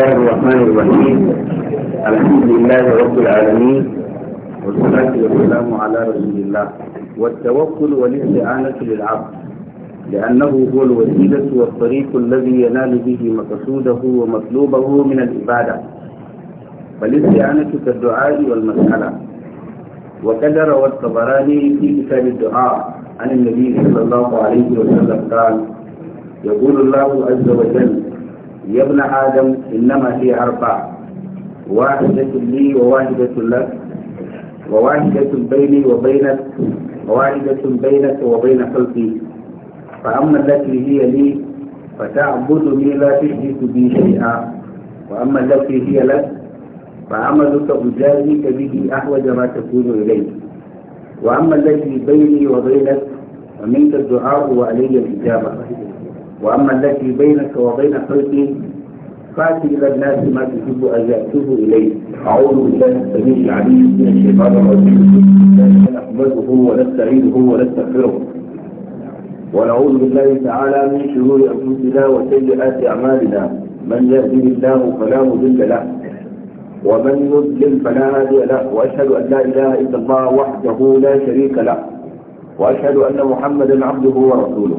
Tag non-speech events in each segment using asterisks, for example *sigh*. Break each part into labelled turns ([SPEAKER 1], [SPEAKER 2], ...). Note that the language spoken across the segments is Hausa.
[SPEAKER 1] الله الرحمن الرحيم الحمد لله رب العالمين والصلاة والسلام على رسول الله والتوكل والاستعانة للعبد لأنه هو الوسيلة والطريق الذي ينال به مقصوده ومطلوبه من العبادة فالاستعانة كالدعاء والمسألة وقد روى الطبراني في كتاب الدعاء عن النبي صلى الله عليه وسلم قال يقول الله عز وجل يا ابن آدم إنما هي أربع واحدة لي وواحدة لك وواحدة بيني وبينك وواحدة بينك وبين خلقي فأما التي هي لي فتعبدني لا تشرك بي شيئا وأما التي هي لك فعملك أجازيك به أحوج ما تكون إليه وأما التي بيني وبينك فمنك الدعاء وعلي الإجابة وأما التي بينك وبين خلقي فات إلى الناس ما تحب أن يأتوه إليه أعوذ بالله السميع العليم من الشيطان الرجيم نحمده ونستعينه ونستغفره ونعوذ بالله تعالى من شرور أنفسنا وسيئات أعمالنا من يهده الله فلا مضل له ومن يضلل فلا هادي له وأشهد أن لا إله إلا الله وحده لا شريك له وأشهد أن محمدا عبده ورسوله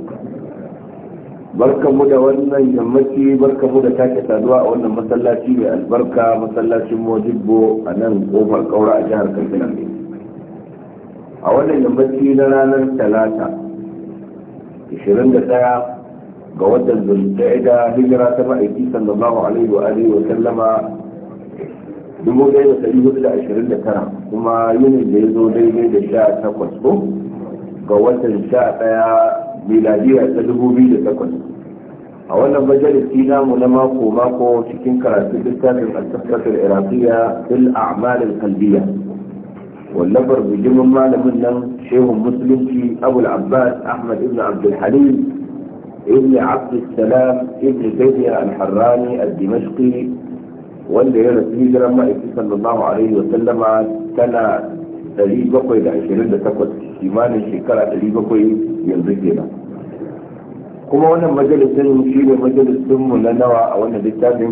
[SPEAKER 1] barkanmu da wannan yammaci barkanmu da take saduwa a wannan masallaci mai albarka masallacin mojibbo a nan kofar kaura a jihar katsina a wannan yammaci na ranar talata 21 ga watan da hijira ta ma'aiki sallallahu alaihi wa alihi wa sallama 1429 kuma yinin da ya zo daidai da sha takwas ko ga watan sha ɗaya miladiya ta 2008. a wannan majalisi namu na mako mako cikin karatu littafin al-tafsir al-iraqiya fil a'mal al-qalbiyya wallafar bijimin malamin nan shehun musulunci al abbas ahmad ibn abd al halim ibn abd ابن عبد السلام ابن تيمية الحراني الدمشقي wanda ya rasu hijiran ma'aiki sallallahu alaihi wa sallama tana 728 kimanin shekara 700 yanzu kenan kuma wannan majalisin shi ne mu na nawa a wannan littafin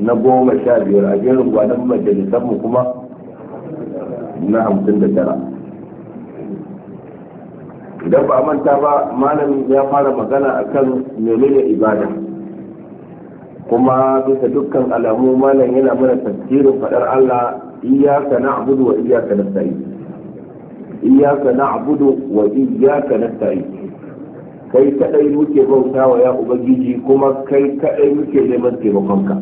[SPEAKER 1] na goma sha biyar a jerin gwanon mu kuma na hamsin da tara idan ba manta ba malam ya fara magana a kan menene ibada kuma bisa dukkan alamu malam yana mana tafsirin faɗar allah iyaka na abudu wa iyaka na sa'i iyaka na abudu wa iyaka na sa'i kai kadai muke bauta wa ya ubangiji kuma kai kadai muke neman taimakonka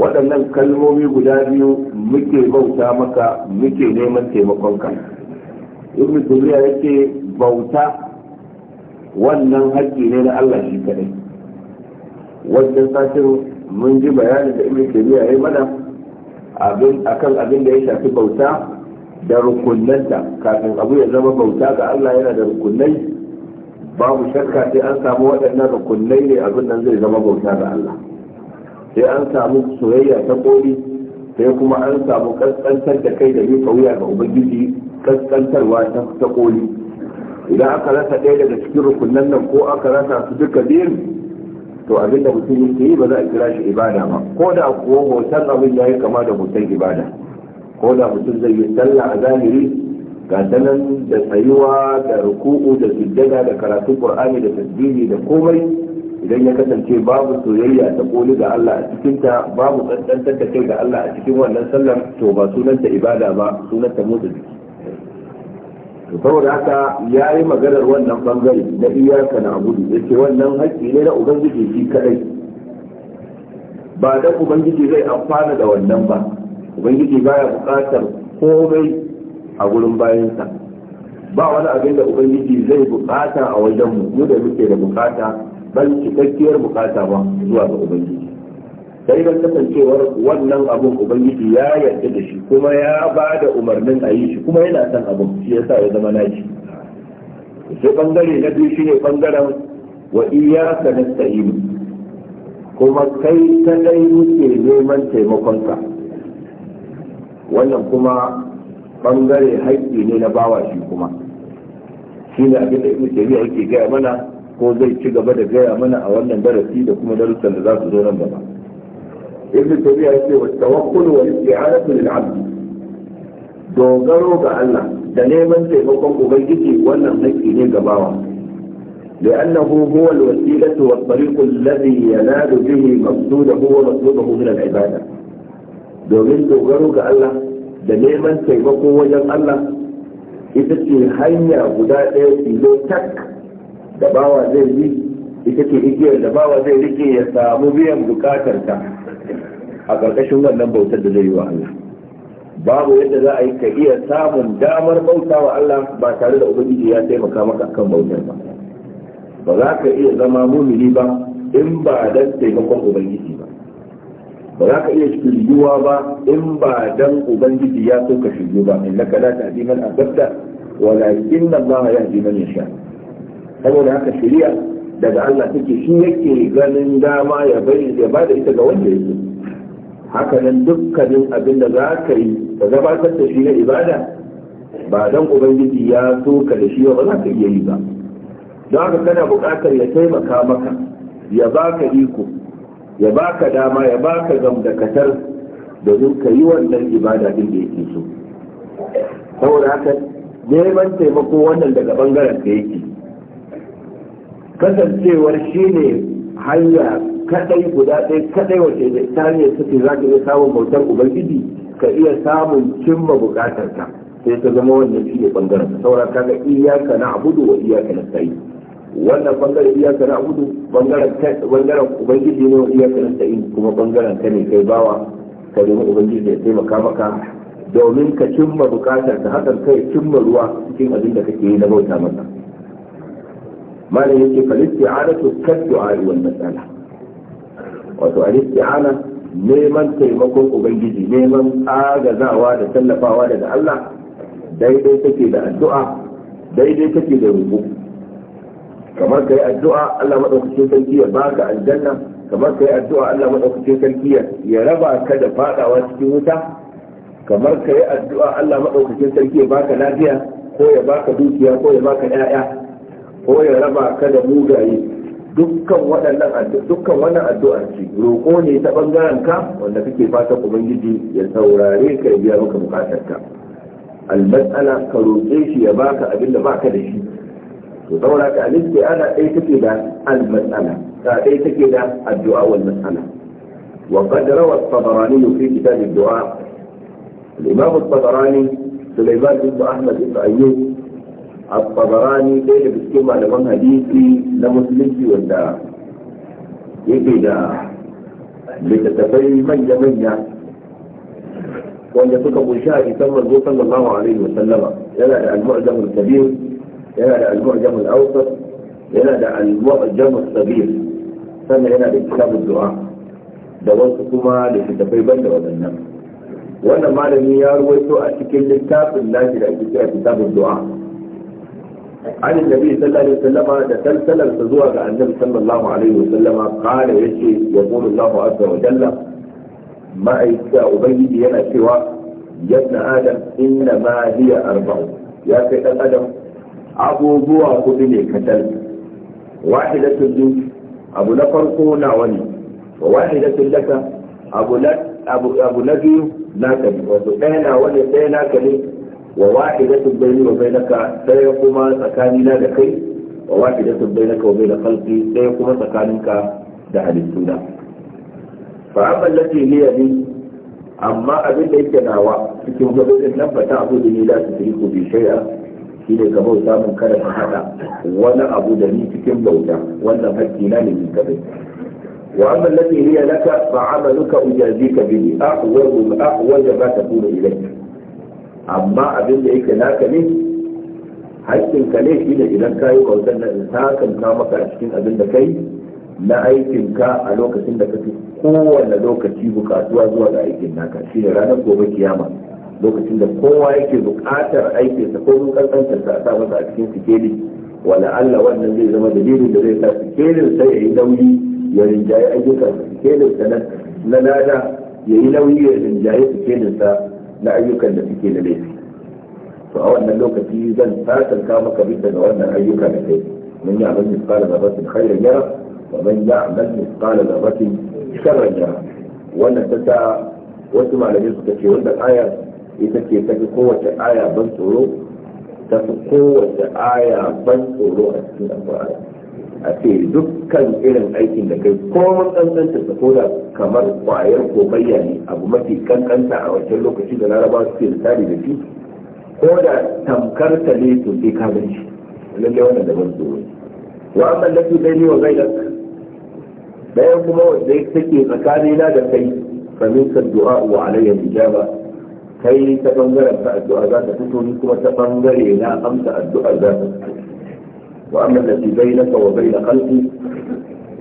[SPEAKER 1] waɗannan kalmomi guda biyu muke bauta maka muke neman taimakonka ibnu tumiya yake bauta wannan haƙƙi ne na Allah shi kadai wannan satin mun ji bayanin da ibnu tumiya ya mana abin akan abin da ya shafi bauta da rukunnanta kafin abu ya zama bauta ga Allah yana da rukunnai babu shakka sai an samu waɗannan rukunai ne abin nan zai zama bauta ga Allah sai an samu soyayya ta koli sai kuma an samu kaskantar da kai da miƙa wuya ga ubangiji kaskantarwa ta koli idan aka rasa ɗaya daga cikin rukunan nan ko aka rasa su duka biyun to abin da mutum yake yi ba za a kira shi ibada ba ko da kuwa hoton abin ya yi kama da hoton ibada ko da mutum zai yi sallah a zahiri ga da tsayuwa da ruku'u da sujjada da karatun qur'ani da tasbihi da komai idan ya kasance babu soyayya ta koli ga Allah a cikin ta babu tsantsantar da kai ga Allah a cikin wannan sallar to ba sunan ta ibada ba ta motsa jiki to saboda haka yayi yi maganar wannan bangare na iyaka na gudu ya wannan haƙƙi ne na ubangiji shi kadai ba da ubangiji zai amfana da wannan ba ubangiji baya bukatar komai a gurin bayansa ba wani abin da ubangiji zai bukata a wajen mu mu da muke da bukata ban cikakkiyar bukata ba zuwa ga ubangiji sai ban kasancewar wannan abun ubangiji ya yarda da shi kuma ya ba da umarnin a yi shi kuma yana son abun shi yasa ya zama naci sai bangare na biyu shine bangaren wa iyyaka nasta'in kuma kai ta dai muke neman taimakonka wannan kuma bangare haƙƙi ne na bawa shi kuma shi ne abin da ke tabi'a yake gaya mana ko zai ci gaba da gaya mana a wannan darasi da kuma darussan da za su zo nan gaba ibn tabiya yake wa tawakkul wa isti'anatu lil 'abd dogaro ga Allah da neman taimakon ubangiji wannan haƙƙi ne ga bawa لأنه هو الوسيلة والطريق الذي ينال به مقصوده ومطلوبه من العبادة. دومين دوغرو الله da neman taimako wajen Allah ita ce hanya guda ɗaya tilo tak da bawa zai yi ita ce igiyar da bawa zai rike ya samu biyan ta a ƙarƙashin wannan bautar da zai yi wa Allah babu yadda za a yi ka iya samun damar bauta wa Allah ba tare da ubangiji ya taimaka maka kan bautar ba ba za ka iya zama mumini ba in ba dan taimakon ubangiji ba ba za ka iya shiryuwa ba in ba dan ubangiji ya so ka shiryu ba laka la tahdi man ahbabta walakin Allah yahdi man yasha saboda haka shirya daga Allah take shi yake ganin dama ya bai ya ba da ita ga wanda yake haka nan dukkanin abin da za ka yi ka gabatar da shi na ibada ba dan ubangiji ya so ka da shi ba za ka iya yi ba don haka kana buƙatar ya taimaka maka ya baka iko ya baka dama ya baka gamdakatar domin ka yi wannan ibada din da yake so saboda haka neman taimako wannan daga bangaren da yake kasancewar shi ne hanya kadai guda ɗaya kadai wace da ta hanyar suke za ka iya samun bautar ubangiji ka iya samun cimma bukatarka sai ta zama wannan shi ne bangaren saboda kaga iyaka na abudu wa iyaka na sayi wannan bangaren iyaka na abudu bangaren ubangiji ne wa iyaka na sa'in kuma bangaren ka ne kai bawa ka nemi ubangiji ya taimaka maka domin ka cimma bukatar ka hakan kai cimma ruwa cikin abin da kake yi na bauta masa malam yake fa isti'anatu kaddu'a wal mas'ala wato alisti istiana neman taimakon ubangiji neman agazawa da tallafawa daga Allah daidai take da addu'a daidai take da rubutu kamar kai addu'a Allah madaukakin sarki ya baka aljanna kamar kai addu'a Allah madaukakin sarki ya raba ka da fadawa cikin wuta kamar kai addu'a Allah madaukakin sarki ya baka lafiya ko ya baka dukiya ko ya baka ƴaƴa ko ya raba ka da mugaye dukkan waɗannan addu'a dukkan wannan addu'a ce roƙo ne ta bangaren ka wanda kake fata ubangiji ya saurare ka ya biya maka bukatarka al-mas'ala ka roƙe shi ya baka abin da baka da shi to saboda ka al-isti'ana dai take da al-mas'ala ka dai take da addu'a wal mas'ala wa qad rawa at-tabarani fi kitab ad-du'a al-imam at-tabarani Sulaiman ibn Ahmad ibn Ayyub at-tabarani dai da cikin malaman hadisi na musulunci wanda yake da littattafai manya-manya wanda suka kunshi a isan manzo sallallahu alaihi wa sallama yana da al-mu'jam al-kabir هنا ده المعجم الأوسط هنا ده المعجم الصغير ثم هنا ده كتاب الدعاء ده وصفهما لكتابي بند وبنم وانا ما لم يارويتو أشكل الكتاب الناجي لأشكل كتاب الدعاء عن النبي صلى الله عليه وسلم ده سلسلة تزوها عن النبي صلى الله عليه وسلم قال يشي يقول الله عز وجل ما إذا أبيدي هنا سوى يا ابن آدم إنما هي أربعون يا سيد آدم abubuwa kudu ne katal wahidatun zu abu na farko na wani wa wahidatun laka abu na biyu na ne wato ɗaya na wani ɗaya na ne wa wahidatun bayni wa bainaka ɗaya kuma tsakanina da kai wa wahidatun bainaka wa bainaka khalqi ɗaya kuma tsakaninka da halittuna fa amma lati hiya ne amma abin da yake nawa cikin gudun nan ba abu da ni la tusriku bi shay'a shi ne ka bauta mun kada ka haɗa wani abu da ni cikin bauta wannan hakki na ne ni kadai wa amma alladhi hiya laka fa amaluka ujazika bihi ahwaju ba ta takunu ilayk amma abin da yake naka ne haƙƙin ka ne shi ne idan ka yi bautar na in sakan maka a cikin abin da kai na aikin ka a lokacin da ka kowane lokaci bukatuwa zuwa ga aikin naka shi ne ranar gobe kiyama lokacin da kowa yake buƙatar aikinsa ko mun kankantarsa ta sa masa a cikin sikeli wala Allah wannan zai zama dalilin da zai sa sikelin sai yayi nauyi ya rinjaye ayyukan sikelin sa na lada yayi nauyi ya rinjaye sikelin sa na ayyukan da suke da laifi to a wannan lokaci zan ka maka bisa ga wannan ayyuka da kai mun yi abin misali da basin khairan yara wa man ya'mal misqala dharratin sharran yara wannan ta wasu malamai suka ce wannan ayar ita ce ta fi kowace aya ban tsoro ta fi kowace aya ban tsoro a cikin alfahari a ce dukkan irin aikin da kai ko kankanta ta ko da kamar kwayar ko bayani abu mafi kankanta a wancan lokaci da laraba suke misali da shi ko da tamkar ta ne to sai ka gan shi lalle wannan da ban tsoro wa amma su bai ne wa gaidan bayan kuma wanda yake tsakanina da kai famin kan du'a wa alayya ijaba kai ta bangaren ta addu'a za ta fito ni kuma ta bangare na amsa addu'a za ta fito wa amma da bai naka wa bai na kalfi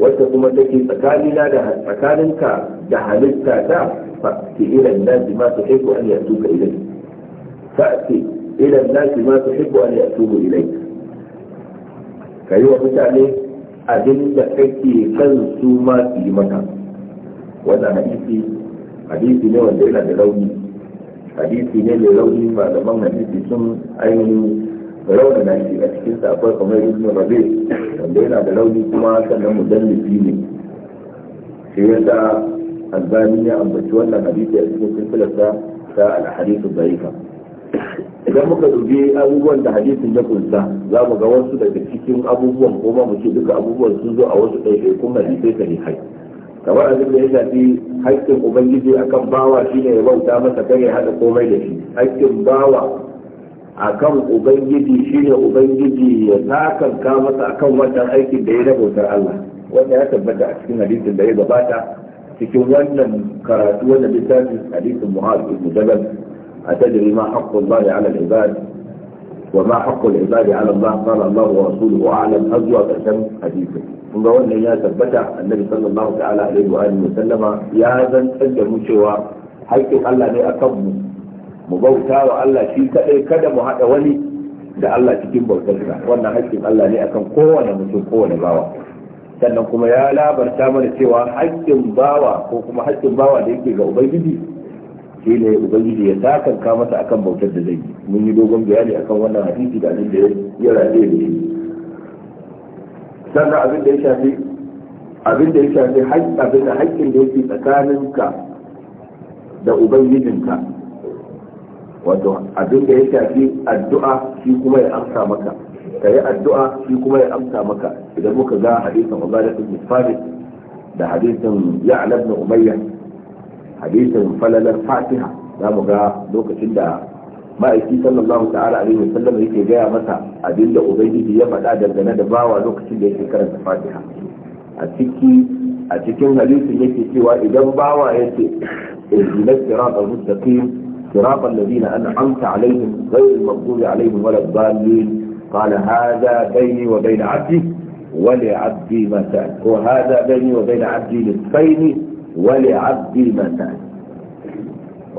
[SPEAKER 1] wacce kuma take na da tsakaninka da halitta ta fa'ti ila nasi ma tuhibbu an yatuka ilayk fa'ti ila nasi ma tuhibbu an yatubu ka kai wa mutane abin da kake kan su ma su yi maka wannan hadisi hadisi ne wanda yana da rauni hadisi ne mai rauni malaman hadisi sun ainihin rauni na shi a cikin safar kamar kamar ibn rabe wanda yana da rauni kuma sannan mudallifi ne shi yasa albani ya ambaci wannan hadisi a cikin silsilarsa ta al-hadithu idan muka dubi abubuwan da hadisin ya kunsa za mu ga wasu daga cikin abubuwan ko ma mu ce duka abubuwan sun zo a wasu ɗaiɗaikun hadisai sahihai kamar abin da ya shafi haƙƙin ubangiji akan bawa shine ya bauta masa kare hada komai da shi haƙƙin bawa akan ubangiji shine ubangiji ya takanka masa akan wannan aikin da ya na bautar Allah wanda ya tabbata a cikin hadisin da ya gabata cikin wannan karatu wannan littafin hadisin Muhammad ibn Jabal أتدري ما حق الله على العباد وما حق العباد على الله قال الله ورسوله أعلم أزوى أشم حديثه kun ga wannan ya tabbata annabi sallallahu ta'ala alaihi wa alihi sallama ya zantar da mu cewa haƙƙin Allah ne akan mu mu bauta wa Allah shi kadai kada mu hada wani da Allah cikin bautarsa wannan haƙƙin Allah ne akan kowane mutum kowane bawa sannan kuma ya labarta mana cewa haƙƙin bawa ko kuma haƙƙin bawa da yake ga ubangiji shi ne ubangiji ya takanka masa akan bautar da zai mun yi dogon bayani akan wannan hadisi da abin da ya rabe da shi sannan abin da ya shafi abin da ya shafi abin da haƙƙin da yake tsakaninka da ubangijinka wato abin da ya shafi addu'a shi kuma ya amsa maka ka yi addu'a shi kuma ya amsa maka idan muka ga hadisin ubadatul mutfari da hadisin ya'la ibn umayyah hadisin falalar fatiha za mu ga lokacin da ma'aiki sallallahu ta'ala alaihi wasallam yake gaya masa abinda ubangiji ya faɗa dangane da bawa lokacin da yake karanta fatiha a ciki a cikin hadisin yake cewa idan bawa yake ihdina siratal mustaqim siratal ladina an'amta alaihim ghayril maghdubi alaihim walad dallin qala hadha bayni wa bayna 'abdi wa li 'abdi ma sa'al wa hadha bayni wa bayna 'abdi nisfaini wa li 'abdi ma sa'al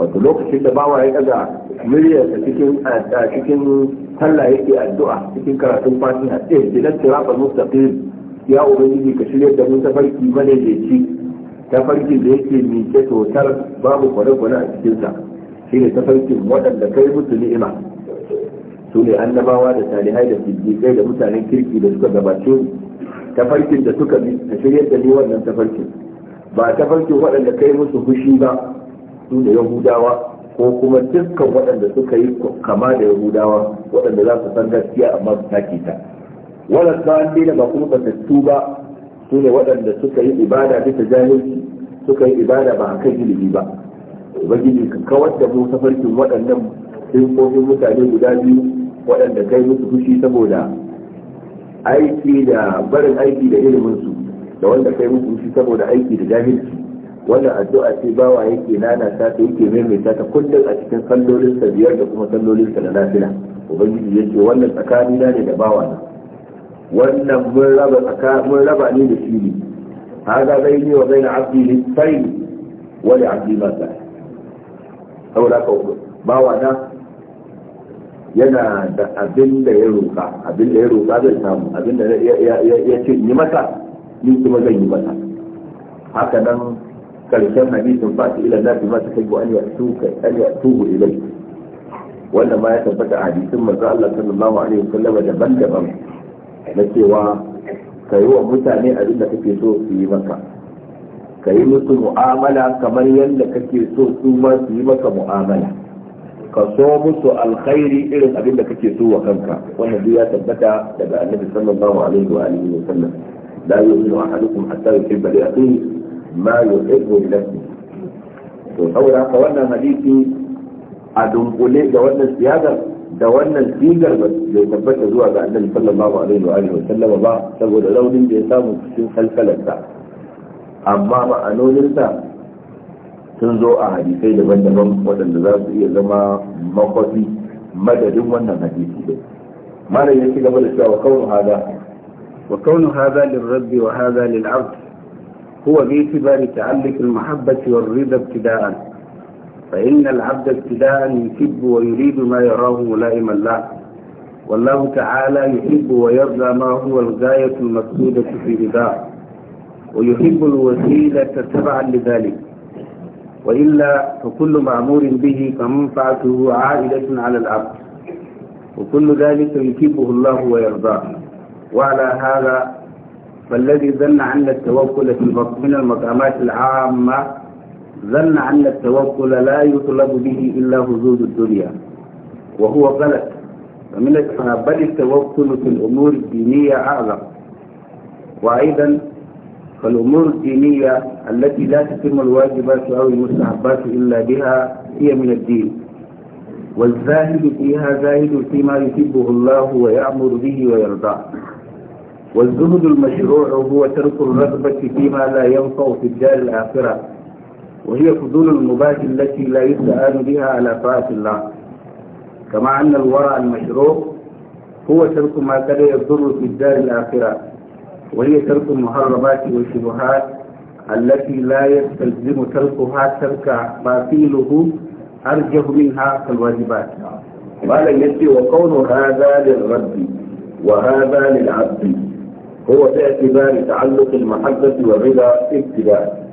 [SPEAKER 1] wato lokacin da bawa ya daga muryarsa cikin cikin sallah yake addu'a cikin karatun fatiha eh dinan siratal mustaqim ya ubangiji ka shirya da mun tafarki ci tafarkin da yake miƙe total babu kwane-kwane a cikin cikinsa shine tafarkin wadanda kai musu ni'ima su ne annabawa da salihai da kai da mutanen kirki da suka gabace tafarkin da suka bi ka shirya da ni wannan tafarkin ba tafarkin wadanda kai musu fushi ba su da yahudawa ko kuma dukkan waɗanda suka yi kama da yahudawa waɗanda za su san gaskiya amma su take ta wala sa'an da ba kuma batattu ba su ne waɗanda suka yi ibada bisa jahilci suka yi ibada ba kai ilimi ba ubangiji ka kawar da mu tafarkin waɗannan siffofin mutane guda biyu waɗanda kai musu fushi saboda aiki da barin aiki da ilimin su da wanda kai musu fushi saboda aiki da jahilci wannan addu'a ce bawa yake nana ta ta yake maimaita ta kullum a cikin sa biyar da kuma sa na nafila ubangiji ya wannan tsakani na ne da bawa na wannan mun raba tsaka mun raba ni da shi ne hada ne wa na abdi lisfain wa li abdi ma sai saboda ka bawa na yana da abin da ya roka abin da ya roka zai samu abin da ya ce yi masa ni kuma zan yi masa haka nan karshen hadisin ba su ila nafi ma ta kai an yatuka an yatubu ilai wannan ma ya tabbata a hadisin manzo Allah sallallahu alaihi wasallam daban-daban na cewa kai wa mutane abin da kake so su yi maka ka musu mu'amala kamar yadda kake so su ma su yi maka mu'amala ka so musu alkhairi irin abin da kake so wa kanka wannan duk ya tabbata daga annabi sallallahu alaihi wa alihi wa sallam la ahadukum hatta yuhibba li akhihi ma yuhibbu li nafsihi to saboda haka wannan hadisi a dunkule da wannan siyasar da wannan sigar bai tabbata zuwa ga annabi sallallahu alaihi wa alihi sallama ba saboda raunin da ya samu cikin halkalarsa amma ma'anoninsa sun zo a hadisai daban-daban waɗanda za su iya zama makwafi madadin wannan hadisi din malam ya ci gaba da cewa kaunu hada wa kaunu hada lirabbi wa hada lil'abd هو باعتبار تعلق المحبة والرضا ابتداء فإن العبد ابتداء يحب ويريد ما يراه ملائما له والله تعالى يحب ويرضى ما هو الغاية المقصودة في رضاه ويحب الوسيلة تبعا لذلك وإلا فكل مأمور به فمنفعته عائدة على العبد وكل ذلك يحبه الله ويرضاه وعلى هذا فالذي ظن أن التوكل في من المقامات العامة ظن أن التوكل لا يطلب به إلا هزوز الدنيا وهو غلط فمن بل التوكل في الأمور الدينية أعظم وأيضا فالأمور الدينية التي لا تتم الواجبات أو المستحبات إلا بها هي من الدين والزاهد فيها زاهد فيما يحبه الله ويأمر به ويرضاه والزهد المشروع هو ترك الرغبة فيما لا ينفع في الدار الآخرة وهي فضول المباح التي لا يستعان بها على طاعة الله كما أن الورع المشروع هو ترك ما كان يضر في الدار الآخرة وهي ترك المحرمات والشبهات التي لا يستلزم تركها ترك باطله أرجه منها كالواجبات قال يدي وكون هذا للرب وهذا للعبد هو باعتبار تعلق المحبة والرضا ابتداء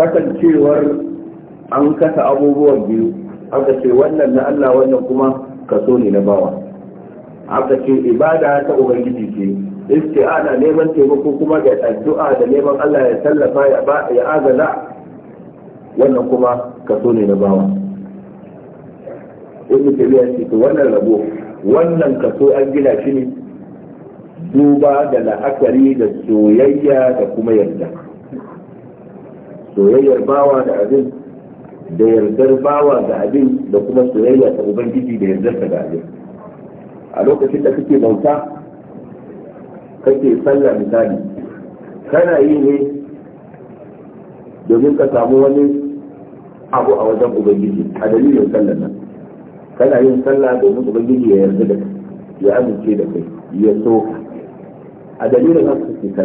[SPEAKER 1] kasancewar an kasa abubuwan biyu aka ce wannan na Allah wannan kuma kaso ne na bawa aka ce ibada ta ubangiji ce isti'ana neman taimako kuma da addu'a da neman Allah ya tallafa ya ba wannan kuma kaso ne na bawa ibnu ce to wannan wannan kaso an gina shi ne duba da la'akari da soyayya da kuma yarda soyayyar bawa da abin da yardar bawa da abin da kuma soyayya ta ubangiji da ta da abin a lokacin da kake bauta kake sallah misali kana yi ne domin ka samu wani abu a wajen ubangiji a dalilin sallar nan kana yin sallah domin ubangiji ya yarda da ya amince da kai ya so a dalilin haka suke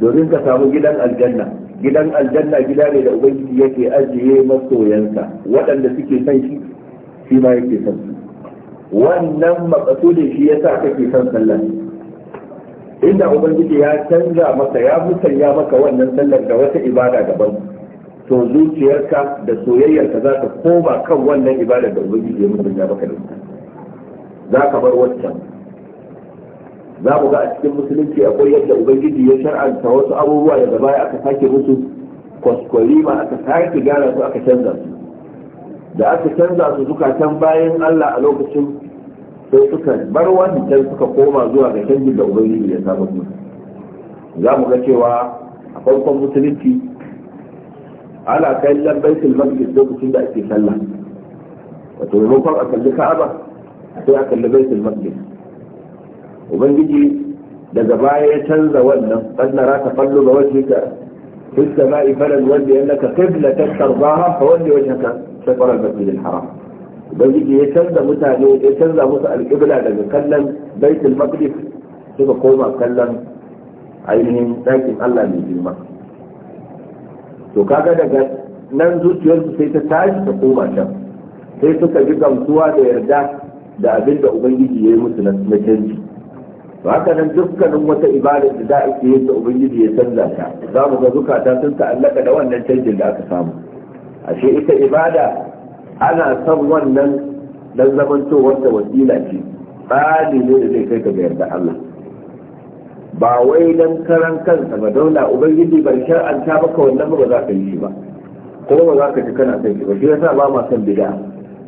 [SPEAKER 1] domin ka samu gidan aljanna gidan aljanna gida ne da ubangiji yake ajiye masoyansa waɗanda suke son shi shi ma yake son su wannan makasudin shi ya sa kake son sallar inda ubangiji ya canza maka ya musanya maka wannan sallar da wata ibada daban to zuciyarka da soyayyarka za ta koma kan wannan ibada da ubangiji ya musanya maka da ita za ka bar wancan za mu ga a cikin musulunci akwai yadda ubangiji ya shar'anta wasu abubuwa daga gaba aka sake musu kwaskwarima aka sake gyara su aka canza su da aka canza su zukatan bayan allah a lokacin sai suka bar wani wancan suka koma zuwa ga canjin da ubangiji ya samu musu za mu ga cewa a farkon musulunci ana kallon baitul maqdis lokacin da ake sallah wato maimakon a kalli ka'aba sai a kalli baitul maqdis ubangiji daga baya ya canza wannan tsannara ta fallo ga wace ka fuska ma ifalan wanda ya naka kibla ta tarbaha fa wanda wace ka da masjid haram ubangiji ya canza mutane ya canza musu alƙibla daga kallon baitul maqdis suka koma kallon ainihin ɗakin Allah mai girma to kaga daga nan zuciyarsu sai ta tashi ta koma can sai suka ji gamsuwa da yarda da abin da ubangiji ya yi musu na canji Ba haka nan dukkanin wata ibada da za a yi ta ubangiji ya canza ta za mu ga zukata sun ta'allaka da wannan canjin da aka samu ashe ita ibada ana son wannan dan zamantowar da wasila ce tsari ne da zai kai ka ga yarda Allah ba wai dan karan kansa ba dole ubangiji ban shar'anta maka wannan ba za ka yi ba ko ba za ka ji kana sai ba shi yasa ba ma san bid'a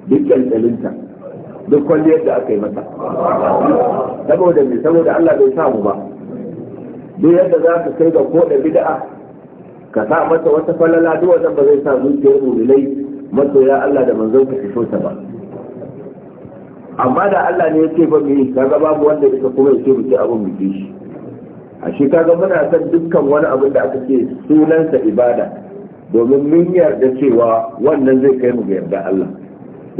[SPEAKER 1] duk kyalkyalinta duk kwalliyar da aka yi masa saboda me saboda Allah bai samu ba duk yadda za ka kai ga koda bid'a ka sa mata wata falala duk wannan ba zai sa zuciyar mu'minai masoya Allah da manzon ka fito ta ba amma da Allah ne yake ba mu yi, kaga babu wanda yake kuma yake biki abun biki shi a shi kaga muna san dukkan wani abin da aka ce sunansa ibada domin mun yarda cewa wannan zai kai mu ga yarda Allah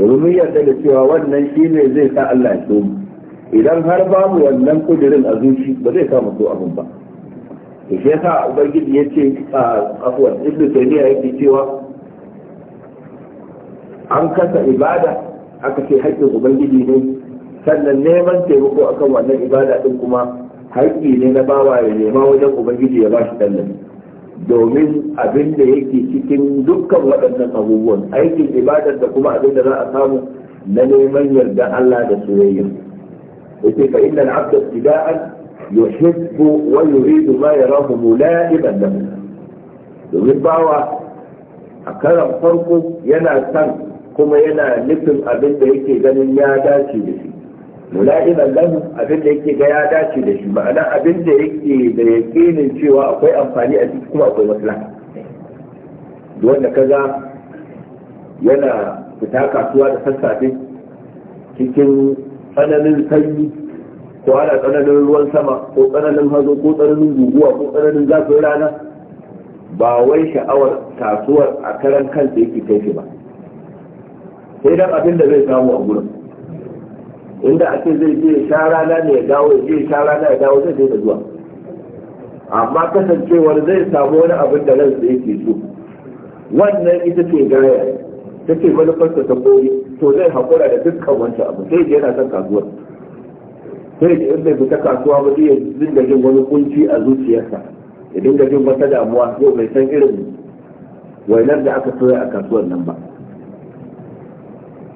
[SPEAKER 1] domin mun yarda da cewa wannan shi ne zai sa Allah ya so mu idan har babu wannan kudirin a zuci ba zai sa mu so abin ba to shi yasa ubangiji ce a afwan ibnu taymiya yake cewa an kasa ibada aka ce haƙƙin ubangiji ne sannan neman taimako akan wannan ibada din kuma haƙƙi ne na bawa ya nema wajen ubangiji ya ba shi tallafi domin abin da yake cikin dukkan waɗannan abubuwan aikin ibadar da kuma abin da za a samu na neman yarda Allah da soyayya yace fa innal abda ibtida'an yuhibbu wa yuridu ma yarahu mula'iban lahu domin bawa a karan farko yana san kuma yana nufin abin da yake ganin ya dace da shi mula'iman lahu abin da yake ga ya dace da shi ma'ana abin da yake da yakinin cewa akwai amfani a ciki kuma akwai maslaha wanda kaga yana fita kasuwa da sassafe cikin tsananin sanyi ko ana tsananin ruwan sama ko tsananin hazo ko tsananin guguwa ko tsananin zafin rana ba wai sha'awar kasuwar a karan kansa yake kai shi ba sai dan abin da zai samu a gurin inda ake zai je sha rana ne ya dawo je sha rana ya dawo zai daina zuwa amma kasancewar zai samu wani abin da ransa yake so wannan ita ce gaya ta ce manufarsa ta kori to zai haƙura da dukkan wancan abu sai da yana son kasuwar sai da in bai fita kasuwa ba zai dinga jin wani kunci a zuciyarsa ya dinga jin wata damuwa ko bai san irin wainar da aka soya a kasuwar nan ba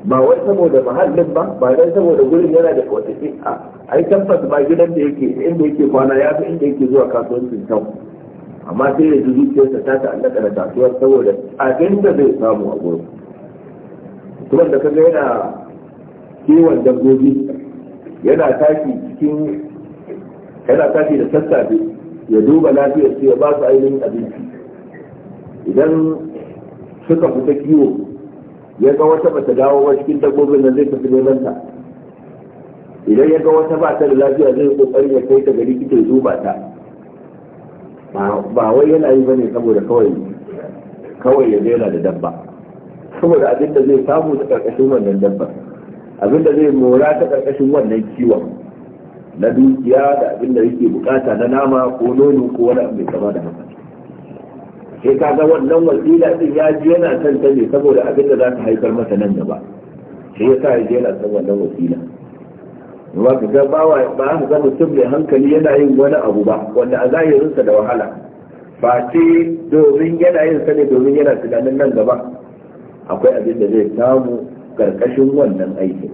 [SPEAKER 1] ba wai saboda mahallin ba ba dai saboda gurin yana da kwatafi a ai tabbas ba gidan da yake inda yake kwana ya fi inda yake zuwa kasuwancin kyau amma sai ya ji zuciyarsa ta ta'allaka da kasuwar saboda abin da zai samu a gurin kuma da kaga yana kiwon dabbobi yana tashi cikin yana tashi da sassafe ya duba lafiyar su ya ba su ainihin abinci idan suka fita kiwo ya ga wata bata dawo ba cikin dabbobin nan zai tafi neman ta idan ya ga wata ba ta da lafiya zai kokari ya kai ta ga likita ya duba ta ba wai yana yi bane saboda kawai kawai ya yana da dabba saboda abin da zai samu ta karkashin wannan dabba abin da zai mora ta karkashin wannan kiwon na dukiya da abin da yake bukata na nama ko nono ko wani abu mai kama da haka sai ka ga wannan wasila din ya ji yana son ta ne saboda abin da za ta haifar masa nan gaba sai ya sa ya ji yana son wannan wasila ba ka ga ba ba ka ga mutum mai hankali yana yin wani abu ba wanda a zahirinsa da wahala ba ce domin yana yin sa ne domin yana tunanin nan gaba akwai abin da zai samu karkashin wannan aikin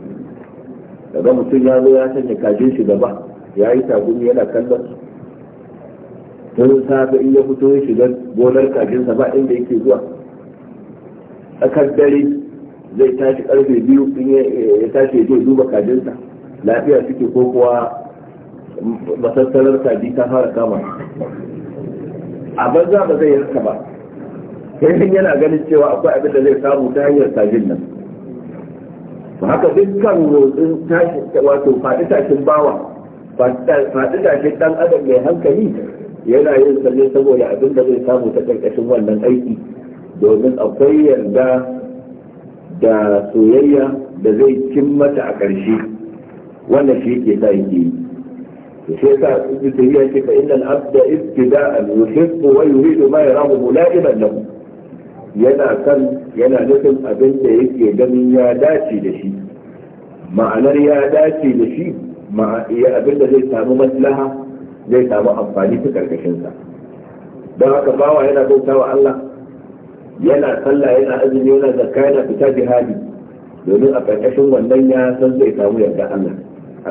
[SPEAKER 1] daga mutum ya zo ya sanya kajin shi gaba ya yi tagumi yana kallon don safe in ya fito ya shiga gonar kajinsa ba inda yake zuwa tsakar dare zai tashi karfe biyu in ya tashi ya je duba kajinsa lafiya suke ko kuwa masassarar kaji ta fara kama a banza ba zai yarka ba sai yana ganin cewa akwai abin da zai samu ta hanyar kajin nan to haka dukkan motsin tashi wato faɗi tashin bawa faɗi tashin dan adam mai hankali yana yin sa ne saboda abin da zai samu ta karkashin wannan aiki domin akwai yarda da soyayya da zai cimmata a ƙarshe wannan shi ke sa yake yi to shi yasa ibnu tayyiba ce fa innal abda ibtida'an yuhibbu wa yuridu ma yarahu mula'iban lahu yana kan yana nufin abin da yake ganin ya dace da shi ma'anar ya dace da shi abin da zai samu maslaha zai samu amfani ta karkashinsa don haka bawa yana bauta wa Allah yana sallah yana azumi yana zakka yana fita jihadi domin a karkashin wannan ya san zai samu yarda Allah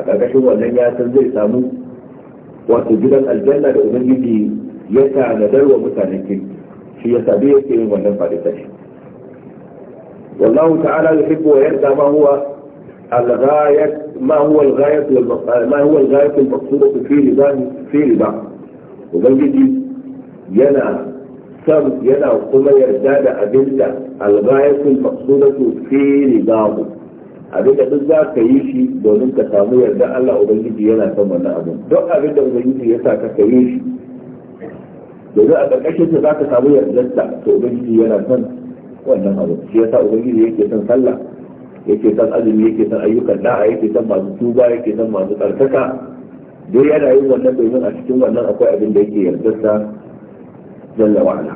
[SPEAKER 1] a karkashin wannan ya san zai samu wato gidan aljanna da ubangiji ya tanadar wa mutanen ke shi ya sabi yake yin wannan fadita shi wallahu ta'ala yuhibbu wa yarda ma huwa al-ghayat ما هو الغاية ما هو الغاية المقصودة في لبعض في لبعض وبالتالي ينا سم ينا ثم يزداد أدلة الغاية المقصودة في لبعض أدلة بالذات كيشي دونك تامو يرد الله وبالتالي ينا ثم أن أدلة دون أدلة وبالتالي يسا كيشي دون أدلة أشياء تبعك تامو يرد الله وبالتالي ينا ثم وأنه أدلة شيئة وبالتالي يكي تنسلح yake san azumi yake san ayyukan da'a yake san masu tuba yake san masu tsarkaka dai yana yin wannan domin a cikin wannan akwai abin da yake yardarsa jalla wa'ala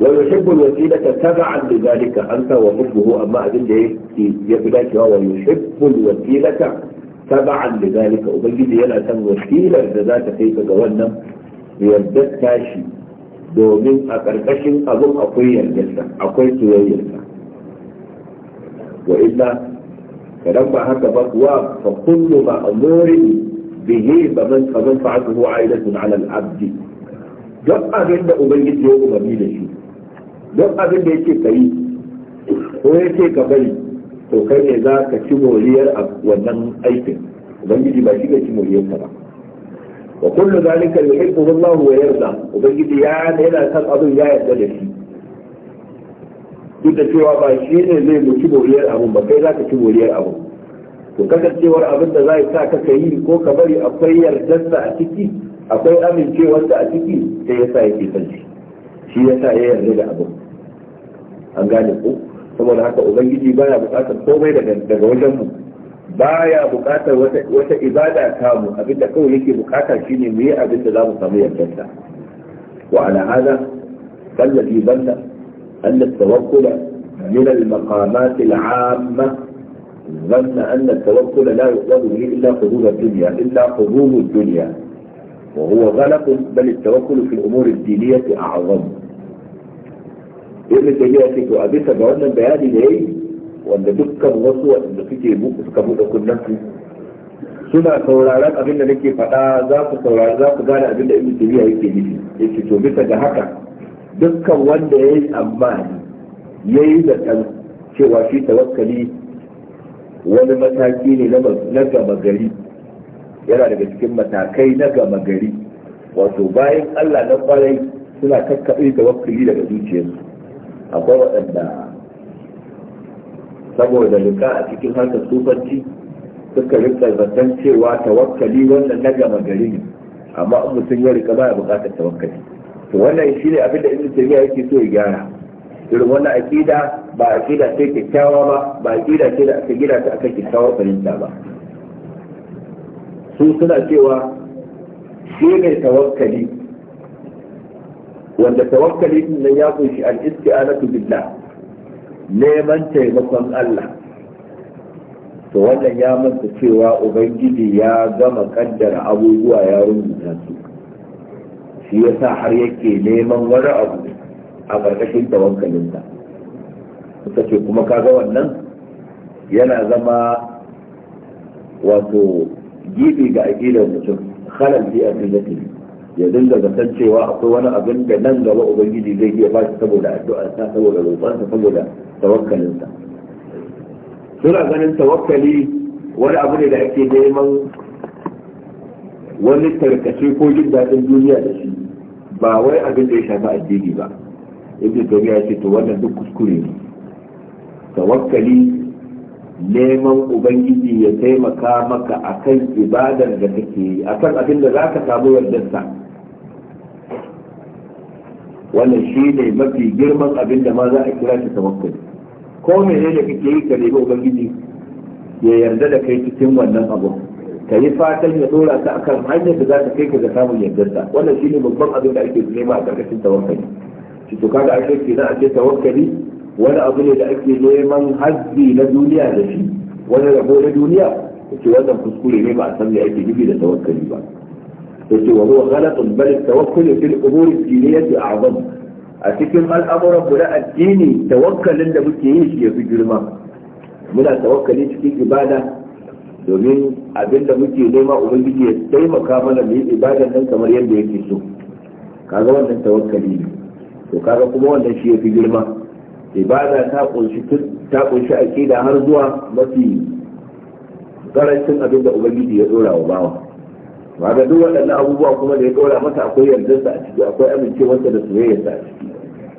[SPEAKER 1] ويحب الوسيلة تبعا لذلك أنت وحبه أما أبن يبدأك هو يحب ubangiji yana لذلك wasilar da تم ta لذات كيف wannan yarda تاشي domin a karkashin abun akwai yardarsa akwai wa illa kadan ba haka ba kuwa fa kullu ma'murin bihi fa man fa man fa'atuhu 'aidatun 'ala al-'abd duk abin da ubangiji ya umarni da shi duk abin da yake kai ko yake ka bari kai ne za ka ci moriyar wannan aikin ubangiji ba shi ka ci moriyar ka ba wa yana abin ya yarda da shi duk da cewa ba shi ne zai mu ci moriyar abun ba kai za ka ci moriyar abun to kasancewar abin da za sa ka yi ko ka bari akwai yardarsa a ciki akwai da a ciki sai ya sa yake son shi shi ya sa ya yarda da abin an gane ko saboda haka ubangiji baya buƙatar komai daga wajen mu baya buƙatar wata ibada ta mu da kawai yake buƙata shine mu yi abin da za mu samu yardarsa wa ala hada kallabi banda أن التوكل من المقامات العامة ظن أن التوكل لا يقبل به إلا قبول الدنيا إلا قبول الدنيا وهو غلط بل التوكل في الأمور الدينية أعظم إذن تجيئة تيكو أبيسا بأن البيان إليه وأن دكا وصوة أن تكي بوكس كبوكا كل نفسي سنة سورارات أبين لكي فتا ذاك سورار ذاك قال أبين لكي تجيئة يكي جيسي يكي تجيئة dukkan wanda ya yi tsammani ya yi zaton cewa shi tawakkali wani mataki ne na gama gari yana daga cikin matakai na gama gari wato bayan allah na kwarai suna kakkaɓe tawakkali daga zuciyarsu akwai waɗanda saboda luka a cikin harkar sufanci suka rika zaton cewa tawakkali wannan na gama gari ne amma in mutum ya rika baya bukatar tawakkali to wannan ne abin da ibn taymiya yake so ya gyara irin wannan aqida ba aqida ce kyakkyawa ba ba aqida ce da aka gina ta aka kyakkyawa fahimta ba su suna cewa shi ne tawakkali wanda tawakkali din nan ya kunshi al-isti'anatu billah neman taimakon Allah to wannan ya manta cewa ubangiji ya gama kaddara abubuwa ya rubuta su shi ya sa har yake neman wani abu a ƙarƙashin tawakkalinsa suka ce kuma kaga wannan yana zama wato gibi ga aƙidar mutum halal fi aqidati ya dinga zaton cewa akwai wani abin da nan gaba ubangiji zai iya ba shi saboda addu'arsa saboda roƙonsa saboda tawakkalinsa suna ganin tawakkali wani abu ne da ake neman wani tarkace ko jin daɗin duniya da shi ba wai abin da ya shafi addini ba ibn ya ce to wannan duk kuskure ne tawakkali neman ubangiji ya taimaka maka akan ibadar da kake yi akan abin da za ka samu yardarsa wannan shi ne mafi girman abin da ma za a kira shi tawakkali ko menene kake yi ka nemi ubangiji ya yarda da kai cikin wannan abu ka yi fatan ya dora ta akan hanyar da za ta kai ka ga samun yardarsa wannan shine babban abin da ake nema a karkashin tawakkali shi to kaga ake kenan ake tawakkali wani abu ne da ake neman hazzi na duniya da shi wani rabo na duniya ce wannan kuskure ne ba a san me ake nufi da tawakkali ba yace wa huwa ghalatun bal at-tawakkul fil umur ad-diniyyah a'zam a cikin al'amuran guda addini tawakkalin da muke yi shi fi girma muna tawakkali cikin ibada domin abinda muke nema ubangiji ya taimaka mana mu yi ibadan nan kamar yadda yake so kaga wannan tawakkali ne to kaga kuma wannan shi yafi girma ibada ta kunshi ta kunshi aqida har zuwa mafi garantin abin da ubangiji ya dora wa bawa kaga duk waɗannan abubuwa kuma da ya dora masa akwai yardarsa a ciki akwai amincewarsa da soyayyarsa a ciki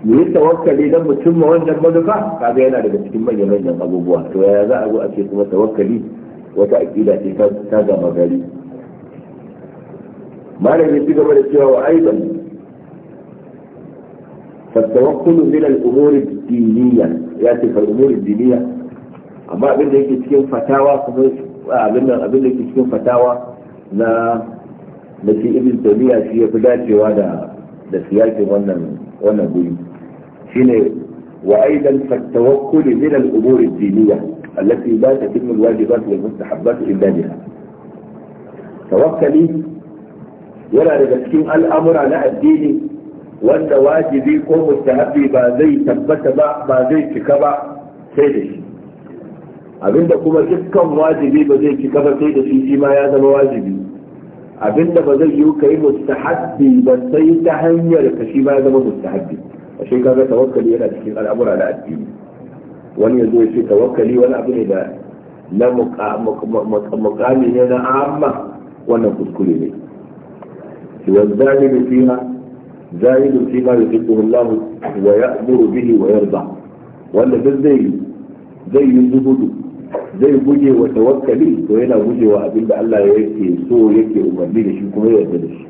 [SPEAKER 1] mu yi tawakkali dan mu ma wannan manufa kaga yana daga cikin manyan manyan abubuwa to yaya za a zo a ce kuma tawakkali وتأكيدات كذا مجال ما لن يتبع بالسواء أيضا فالتوكل من الأمور الدينية يأتي في الأمور الدينية أما أبن لك تكون فتاوى أبن لك تكون فتاوى لا نسي ابن تيمية في إبداك وانا نسياك وانا وانا شيني وأيضا فالتوكل من الأمور الدينية التي لا تتم الواجبات والمستحبات الا بها. توكلي ولا رجلتين الامر على الدين وانت واجبي كو مستحبي با زي ثبت با با زي تكبا سيدش. ابن كما كم واجبي با زي تكبا سيدش فيما يزن واجبي. ابن با زي يوكي مستحبي با زي تهنير فيما يزن مستحبي. عشان كذا توكلي الى الامر على الدين. wani ya zo ya ce tawakkali wani abu ne da na mukami ne na amma wannan kuskure ne wa zalimu fiha zalimu fiha ya fiku Allah wa ya'muru bihi wa yarda wanda duk zai yi zuhudu zai guje wa tawakkali to yana guje wa abin da Allah yake so yake umarni da shi kuma ya yarda da shi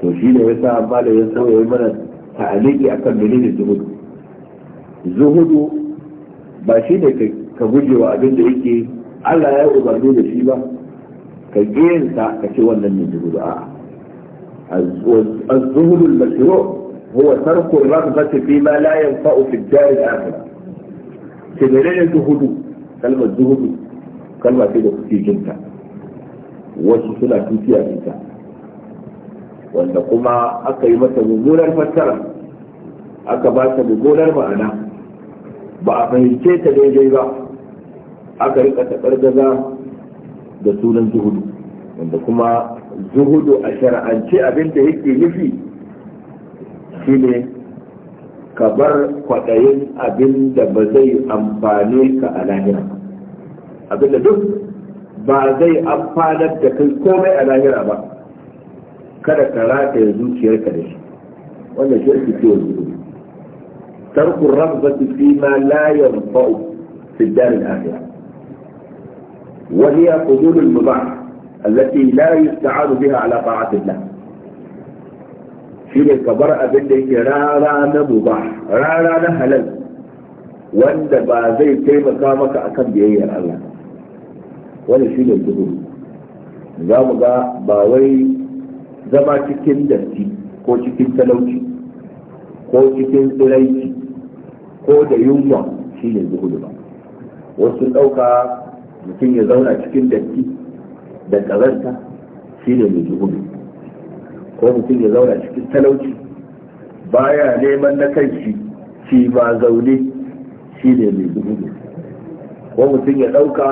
[SPEAKER 1] to shi ne ya sa amma da ya sauya mana ta'aliki akan menene zuhudu zuhudu ba shi ne ka guje wa abin da yake Allah ya umarni da shi ba ka gerinsa ka ce wannan ne zuhudu a az-zuhudu al-mashru huwa tarku ar-raghbati fi ma la yanfa'u fi ad-dar al-akhirah ke menene zuhudu kalmar zuhudu kalma ce da kuke jinta wasu suna tutiya ita wanda kuma aka yi mata mummunar fassara aka ba ta mummunar ma'ana ba a fahimce ta daidai ba aka rika gaza da sunan zuhudu wanda kuma zuhudu a shara'ance abinda yake nufi shine ka bar kwaɗayin abin da ba zai amfane ka a lahira abin da duk ba zai amfanar da kai komai a lahira ba kada ka rataya zuciyarka da shi wannan shi ake cewa zuhudu ترك الرغبة فيما لا ينفع في الدار الآخرة وهي قدول المباح التي لا يستعان بها على طاعة الله فيه كبرأ بالله رارانا مباح رارانا هلل وانت بازي كيف كامك أكم بيهي الله ولا شيء للقدول نظام غا باوي زما cikin datti ko cikin talauci ko cikin tsiraici ko da yunwa shi ne zuhudu ba wasu ɗauka mutum ya zauna cikin datti da ƙazanta shi ne mai zuhudu ko mutum ya zauna cikin talauci baya neman na kanshi shi ba zaune shi ne mai zuhudu ko mutum ya ɗauka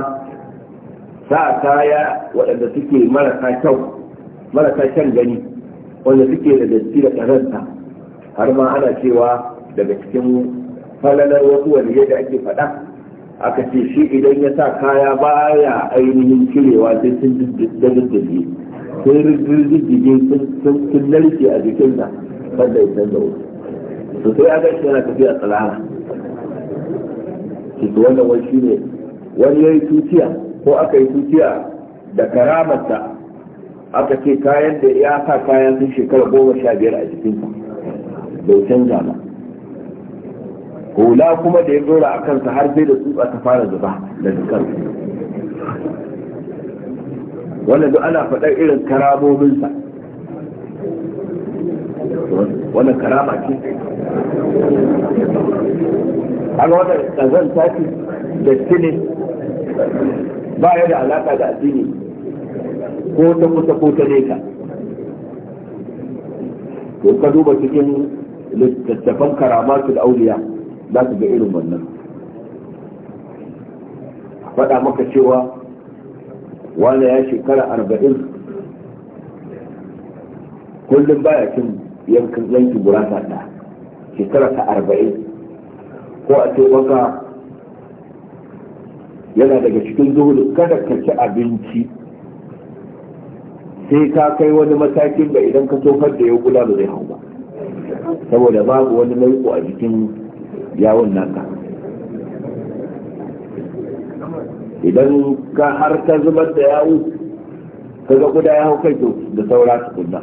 [SPEAKER 1] sa kaya waɗanda suke marasa kyau marasa kyan gani wanda suke da datti da ƙazanta har ma ana cewa daga cikin falalar wasu waliyai da ake faɗa aka ce shi idan ya sa kaya baya ainihin cirewa sai sun daddaddaje sai rigidige sun narke a jikinsa wanda ya canza wasu to sai aka shi yana tafiya tsirara to wannan wani shi ne wani ya yi tutiya ko aka yi tutiya da karamarsa aka ce kayan da ya sa kayan sun shekara goma sha biyar a jikinsa bai canza ba hula kuma da ya dora a kansa har zai da tsutsa ta fara zuba daga kansa wannan duk ana faɗar irin karamominsa wannan karama ce haka wannan ƙazan sati da tinin ba ya da alaƙa da addini ko ta kusa ko ta nesa to ka duba cikin littattafan karamatu da auliya za ka ga irin wannan faɗa maka cewa wanda ya shekara arba'in kullum baya cin yankin yanki gurasa ɗaya shekara ta arba'in ko a ce maka yana daga cikin zuhudu kada ka ci abinci sai ka kai wani matakin da idan ka tofar da ya guda ba zai hau ba saboda babu wani laiko a jikin yawon naka idan ka har ka zubar da yawo ka ga guda ya hau kai to da saura su kunna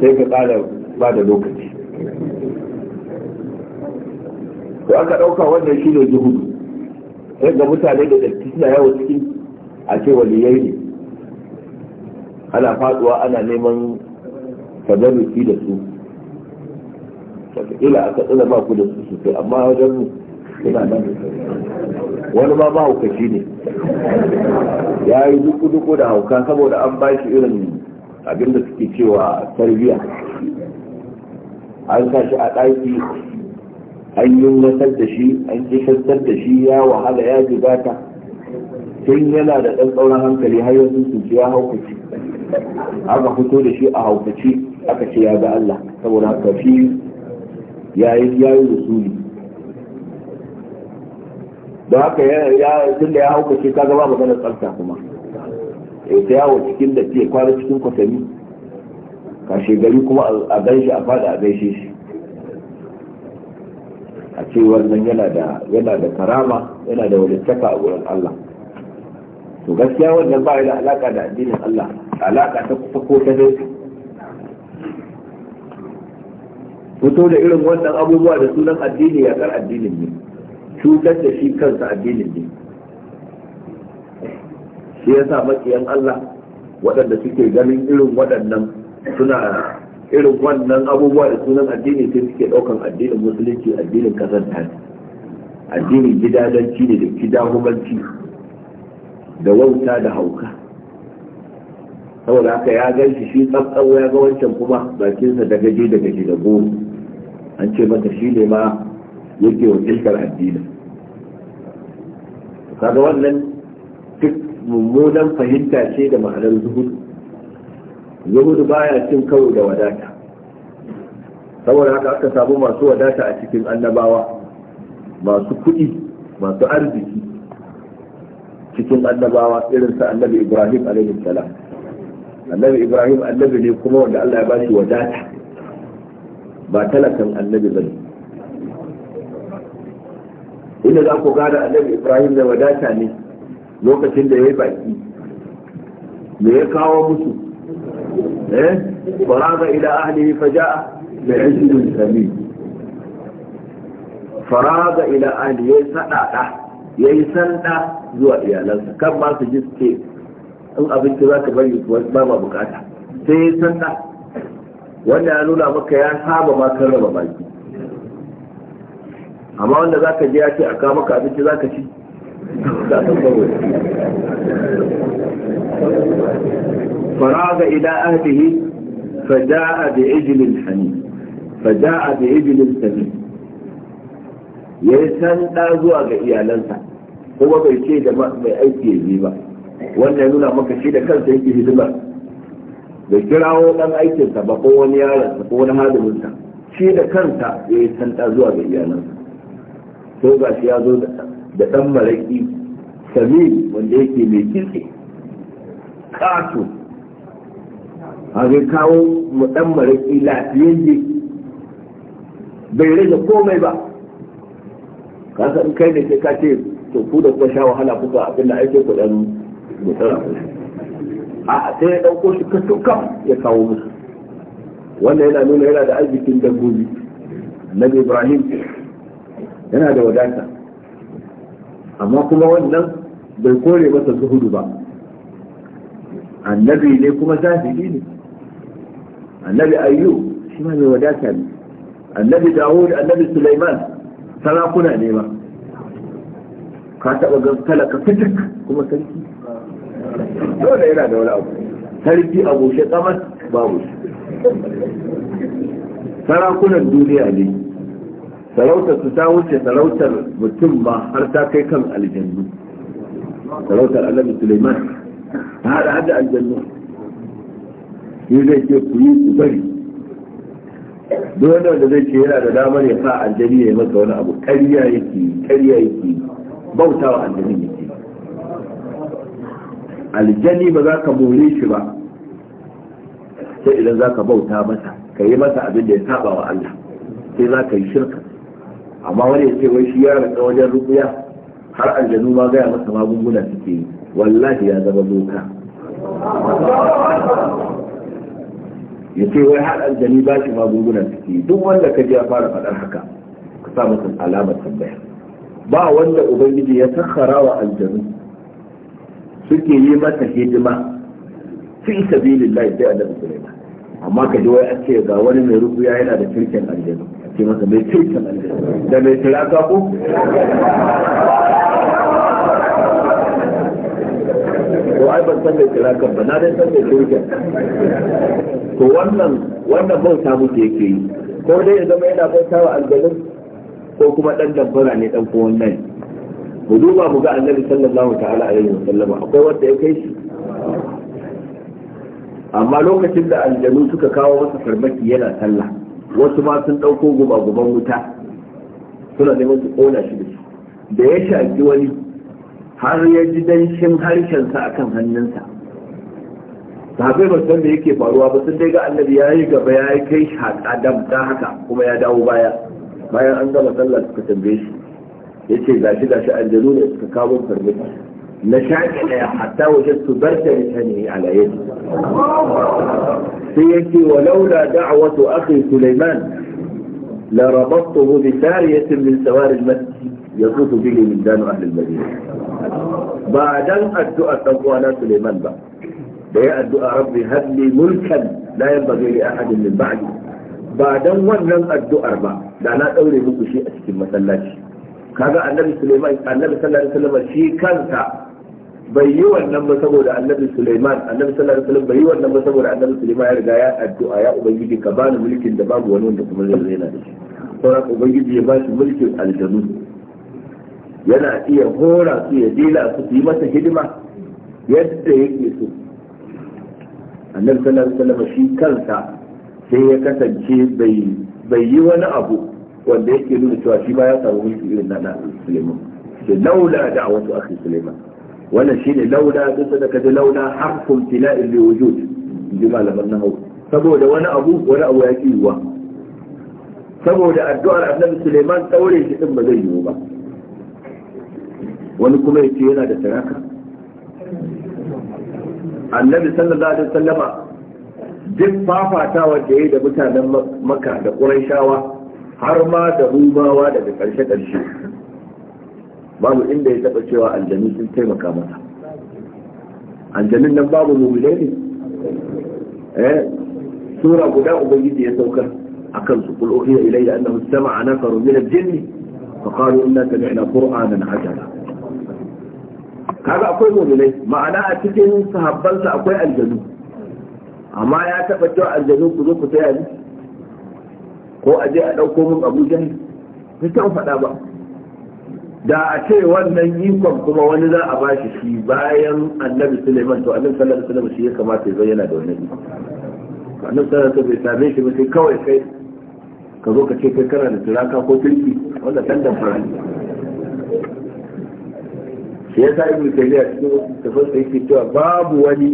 [SPEAKER 1] sai ka kala ba da lokaci to aka ɗauka wannan shi ne zuhudu sai ga mutane da datti suna yawo cikin a ce waliyai ne ana faduwa ana neman tabarruki da su wataƙila aka tsina ba ku da su sosai amma wajen mu suna nan wani ma ba haukaci ne ya yi duku duku da hauka saboda an ba shi irin abin da suke cewa tarbiyya an sa shi a ɗaki an yi nasar da shi an kishantar da shi ya wahala ya jibata tun yana da ɗan tsauran hankali har yanzu su ya haukaci aka fito da shi a haukaci aka ce ya ga Allah saboda haka yayin yayin rusuli da haka ya tun da ya hau kashe ta gaba maganar tsarta kuma ya eh, ta yawo cikin da ke kwana cikin kwatami kashe gari kuma a gan shi a fada a gaishe shi a ce wannan yana da yana da karama yana da walittaka a wurin Allah to gaskiya wannan ba da alaka da addinin Allah alaka ta kusa ko ta dai fito da irin wannan abubuwa da sunan addini kar addinin ne cutar da shi kansa addinin ne shi sa makiyan Allah waɗanda suke ganin irin waɗannan suna irin wannan abubuwa da sunan addini sai suke ɗaukan addinin musulunci addinin kasar ta addinin gidadanci ne da dahumanci da wauta da hauka saboda haka ya gan shi shi ya ga wancan kuma bakinsa da gaje daga gaje da an ce mata shi ne ma yake wakiltar addinin kaga wannan duk mummunan fahimta ce da ma'anar zuhudu zuhudu baya cin kawo da wadata saboda haka aka samu masu wadata a cikin annabawa masu kuɗi masu arziki cikin annabawa irin sa annabi ibrahim alaihi salam annabi ibrahim annabi ne kuma wanda allah ya ba shi wadata ba talakan annabi ba ne inda za ku gada annabi ibrahim da wadata ne lokacin da ya yi baki me ya kawo musu eh faraga ila ahlihi faja'a bi ajlin sami. faraga ila ahli ya sadada yayi sanda zuwa iyalansa kan ba su ji in abinci za ka bari ba bukata sai ya sanda wanda ya nuna maka ya saba ma kan raba baki amma wanda za ka je ya ce a kawo maka abinci za ka ci za ka kawo faraga ila ahdihi faja'a bi ijlin hani faja'a bi ijlin sabi yayi san da zuwa ga iyalansa kuma bai ce da mai aiki ya ba wanda ya nuna maka shi da kansa yake hidima bai kirawo dan aikinsa ba ko wani yaronsa ko wani sa shi da kanta ya yi santa zuwa ga iyalansa to ga shi ya zo da dan maraki sami wanda yake mai kitse kato a zai kawo mu dan maraki lafiyayye bai rage komai ba ka san kai ne sai ka ce to ku da kuka sha wahala kuka abin da ake ku dan mutara a sai ya ɗauko shi kam ya kawo musu wannan yana nuna yana da arzikin dabbobi na ibrahim yana da wadata amma kuma wannan bai kore masa zuhudu ba annabi ne kuma zahiri ne annabi ayyu shi ma mai wadata ne annabi dawud annabi sulaiman sarakuna ne ba ka taɓa ga talaka fitik kuma sarki dole yana da wani abu sarki a bushe tsamas babu sarakunan duniya ne sarautar su ta wuce sarautar mutum ma har ta kai kan aljannu sarautar annabi suleiman ta hada hada aljannu shi zai ce ku yi ku bari duk wanda da zai ce yana da damar ya sa aljani ya yi masa wani abu ƙarya yake ƙarya yake bautawa aljani yake aljani ba za ka more shi ba sai idan za ka bauta masa ka yi masa abin da ya saba wa Allah sai za ka yi shirka amma wani ya ce wai shi ya rika wajen rukuya har aljanu ma gaya masa magunguna suke yi wallahi ya zama doka ya ce wai har aljani ba shi magunguna suke yi duk wanda ka ji ya fara faɗar haka ka sa masa alamar tambaya ba wanda ubangiji ya sakhara wa aljanu suke yi masa hidima fi sabilillah sai annabi Sulaiman amma ka ji wai an ce ga wani mai rubuya yana da kirkin aljanu a ce masa mai kirkin aljanu da mai tiraka ko to ai ban san mai tiraka ba na dai san mai kirkin to wannan wannan bauta muke yake yi ko dai ya zama yana bauta wa aljanu ko kuma dan dabbara ne dan ko wannan mu duba mu ga annabi sallallahu ta'ala alaihi wasallam akwai wanda ya kai shi amma lokacin da aljanu suka kawo masa farmaki yana sallah wasu ma sun dauko guba-guban wuta suna neman su kona shi da shi da ya shaki wani har ya ji danshin harshensa akan hannunsa sahabai ba san da yake faruwa ba sun dai ga annabi ya yi gaba ya yi kai shaƙa dam ta haka kuma ya dawo baya bayan an gama sallah suka tambaye shi yace gashi gashi aljanu ne suka kawo farmaki na shaƙi ɗaya hatta wajen su bar da ne a layin sai yake walaula da'awatu akhi Sulaiman la rabattuhu bi sariyatin min sawar al-masjid yaqutu bihi min danu ahli al-madina ba dan addu'a dan uwana Sulaiman ba da ya addu'a rabbi habli mulkan la yanbaghi li ahadin min ba'di ba dan wannan addu'ar ba da na daure muku shi a cikin masallaci kaga annabi Suleiman, annabi sallallahu alaihi wasallam shi kansa bai yi wannan ba saboda annabi Suleiman, annabi sallallahu alaihi wasallam bai yi wannan ba saboda annabi Suleiman ya riga ya addu'a ya ubangiji ka bani mulkin da babu wani wanda kuma zai yana da shi sauran ubangiji ya bashi mulkin aljanu yana iya hora su ya dila su yi masa hidima yadda yake so annabi sallallahu alaihi wasallam shi kansa sai ya kasance bai bai yi wani abu wanda yake nuna cewa shi ba ya samu mulki irin na da Suleiman ce laula da wasu akhi Suleiman wannan shine laula duk da kaje laula kun tila'il li wujud inji malaman hau. saboda wani abu wani abu ya kiwa saboda addu'ar annabi Suleiman daure shi din ba zai yiwu ba wani kuma yace yana da taraka. annabi sallallahu alaihi wasallama duk fafatawa da yayi da mutanen Makka da quraishawa har ma da rubawa daga ƙarshe ƙarshe babu inda ya taɓa cewa aljanu sun taimaka masa aljanin nan babu mummunai ne eh sura guda ubangiji ya saukar akan su kul uhiya ilayya annahu sama'a nafaru min al-jinn fa qalu inna sami'na qur'anan ajaba kaga akwai mummunai ma'ana a cikin sa akwai aljanu amma ya taɓa cewa aljanu ku zo ku taya ni ko a je a ɗauko mun abu jahil ta taɓa faɗa ba da a ce wannan ikon kuma wani za a bashi shi bayan annabi suleiman to annabi sallallahu alaihi wasallam shi ya kamata ya bayyana da wannan ikon annabi sallallahu alaihi wasallam bai same shi ba sai kawai kai ka zo ka ce kai kana da turaka ko turki wanda kan da fara shi yasa ibnu ta cikin tafsir yake cewa babu wani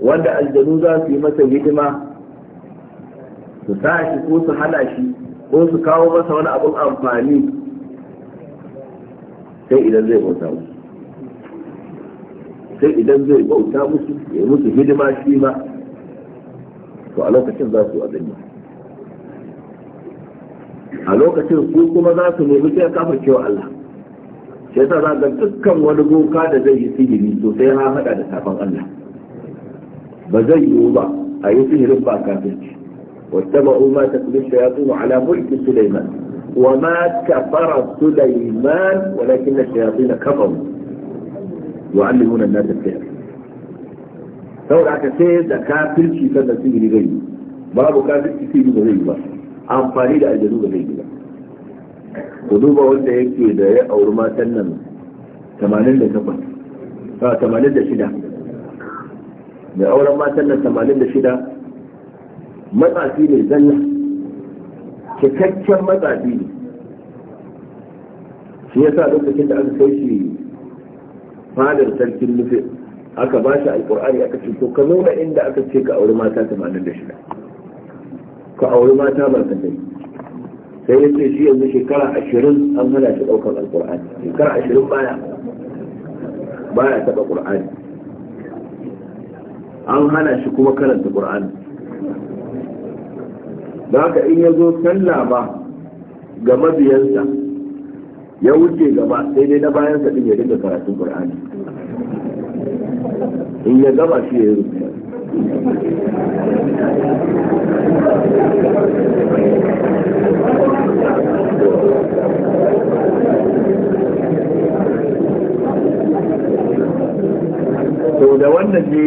[SPEAKER 1] wanda aljanu za su yi masa hidima su sa shi ko su hana shi ko su kawo masa wani abun amfani sai idan zai bauta musu sai idan zai bauta musu ya musu hidima shi ma to a lokacin za su abin a lokacin su kuma za su nemi sai kafa cewa Allah sai ta za ga dukkan wani goka da zai yi sihiri to sai ya hada da safan Allah ba zai yiwu ba a yi sihirin ba kafirci واتبعوا ما تكون الشياطين على ملك سليمان وما كفر سليمان ولكن الشياطين كفروا يعلمون الناس السحر سورة كثير ذكاء تلشي فن سيجر غيره بابو كان في كثير من غيره عن فريد أجلوب غيره قدوبة قلت هيك كده يا أورما تنم ثمانين ده آه، سبت تمانين ده شده يا أورما تنم تمانين ده شده matsafi ne zanna, cikakken matsafi ne shi yasa lokacin da aka kai shi fadar sarkin nufi aka ba shi alkur'ani aka ce to ka nuna inda aka ce ka auri mata da shida. ka auri mata ba ka dai sai ya ce shi yanzu shekara ashirin an hana shi ɗaukar alkur'ani shekara ashirin baya baya taɓa ƙur'ani an hana shi kuma karanta ƙur'ani da haka in ya zo sallah ba ga mabiyansa ya wuce gaba sai dai na bayan din ya dinga karatun qur'ani in ya gaba shi ya rubuta to da wannan ne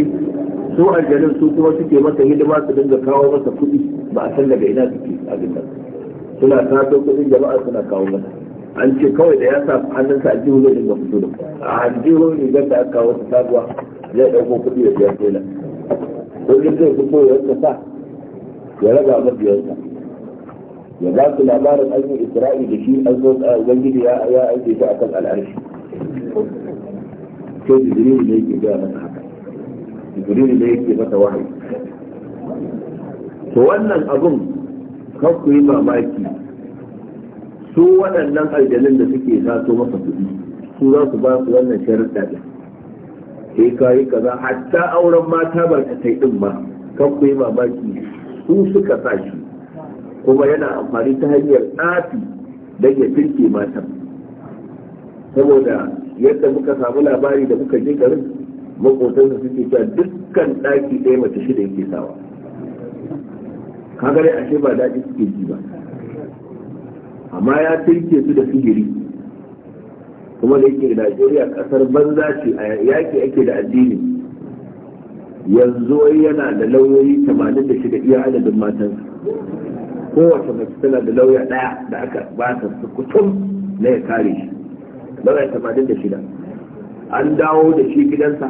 [SPEAKER 1] su aljanin su kuma suke masa hidima su dinga kawo masa kuɗi ba a san daga ina suke abin nan suna tato kudin jama'a suna kawo masa an ce kawai da ya sa hannun sa aljihu zai dinga fito da a jihu ne da aka kawo su sabuwa zai ɗauko kuɗi ya biya tela kullum zai fito ya yanka sa ya raba mabiyansa ya ba su labarin an yi isra'i da shi an zo ubangiji ya aike shi akan al'arshi sai jibril ne yake gaya masa haka jibril ne yake masa wahayi to wannan abun kan ku yi mamaki su waɗannan aljanin da suke taso masa kuɗi su za su ba su wannan sharuɗa ɗin sai ka yi kaza hatta auren mata kai ɗin ma kan ku yi mamaki su suka sa shi kuma yana amfani ta hanyar tsafi don ya firke matan saboda yadda muka samu labari da muka je garin makotansa suke cewa dukkan ɗaki ɗaya mace shida yake sawa kaga dai ashe ba daɗi suke ji ba amma ya tilke su da sihiri kuma da yake najeriya kasar banza ce a yaƙi ake da addini yanzu wai yana da lauyoyi 86 iya adadin matan kowace mace tana da lauya ɗaya da aka ba ta kutum na ya kare shi lauya 86 an dawo da shi gidansa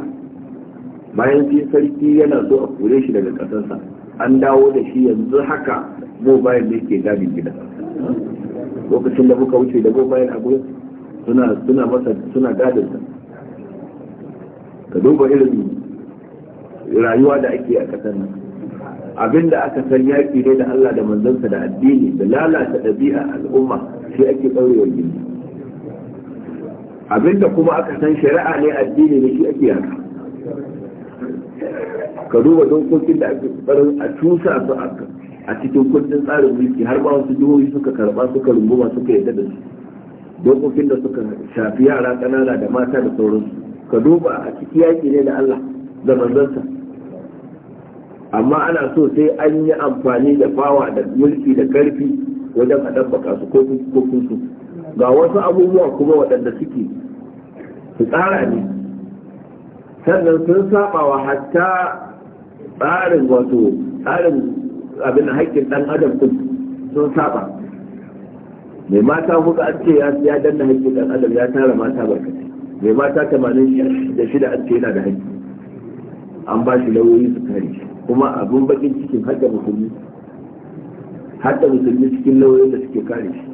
[SPEAKER 1] bayan sai sarki yana so a kure shi daga ƙasarsa an dawo da shi yanzu haka bayan da yake gadin gida lokacin da muka wuce da mobile bayan gurin suna suna masa suna gadin sa ka duba irin rayuwa da ake a kasar nan Abin da aka san yaƙi ne da Allah da manzansa da addini da lalata ɗabi'a al'umma shi ake ɗaurewar gini da kuma aka san shari'a ne addini ne shi ake yaka ka duba dokokin da ake tsarin a cusa su a cikin kundin tsarin mulki har ba wasu jihohi suka karba suka runguma suka yadda da su dokokin da suka shafi yara ƙanana da mata da sauransu ka duba a ciki yaƙi ne da Allah da manzansa amma ana so sai an yi amfani da bawa da mulki da karfi wajen a ɗabbaka su ko kunsu ga wasu abubuwa kuma waɗanda suke su tsara ne sannan sun saba wa hatta tsarin wato tsarin abin haƙƙin ɗan adam din sun saba mai mata kuka an ce ya danna haƙƙin ɗan adam ya tara mata barkatai mai mata tamanin da shida an ce yana da haƙƙi an ba shi lauyoyi su kare kuma abin bakin cikin hadda musulmi hadda musulmi cikin lauyoyin da suke kare shi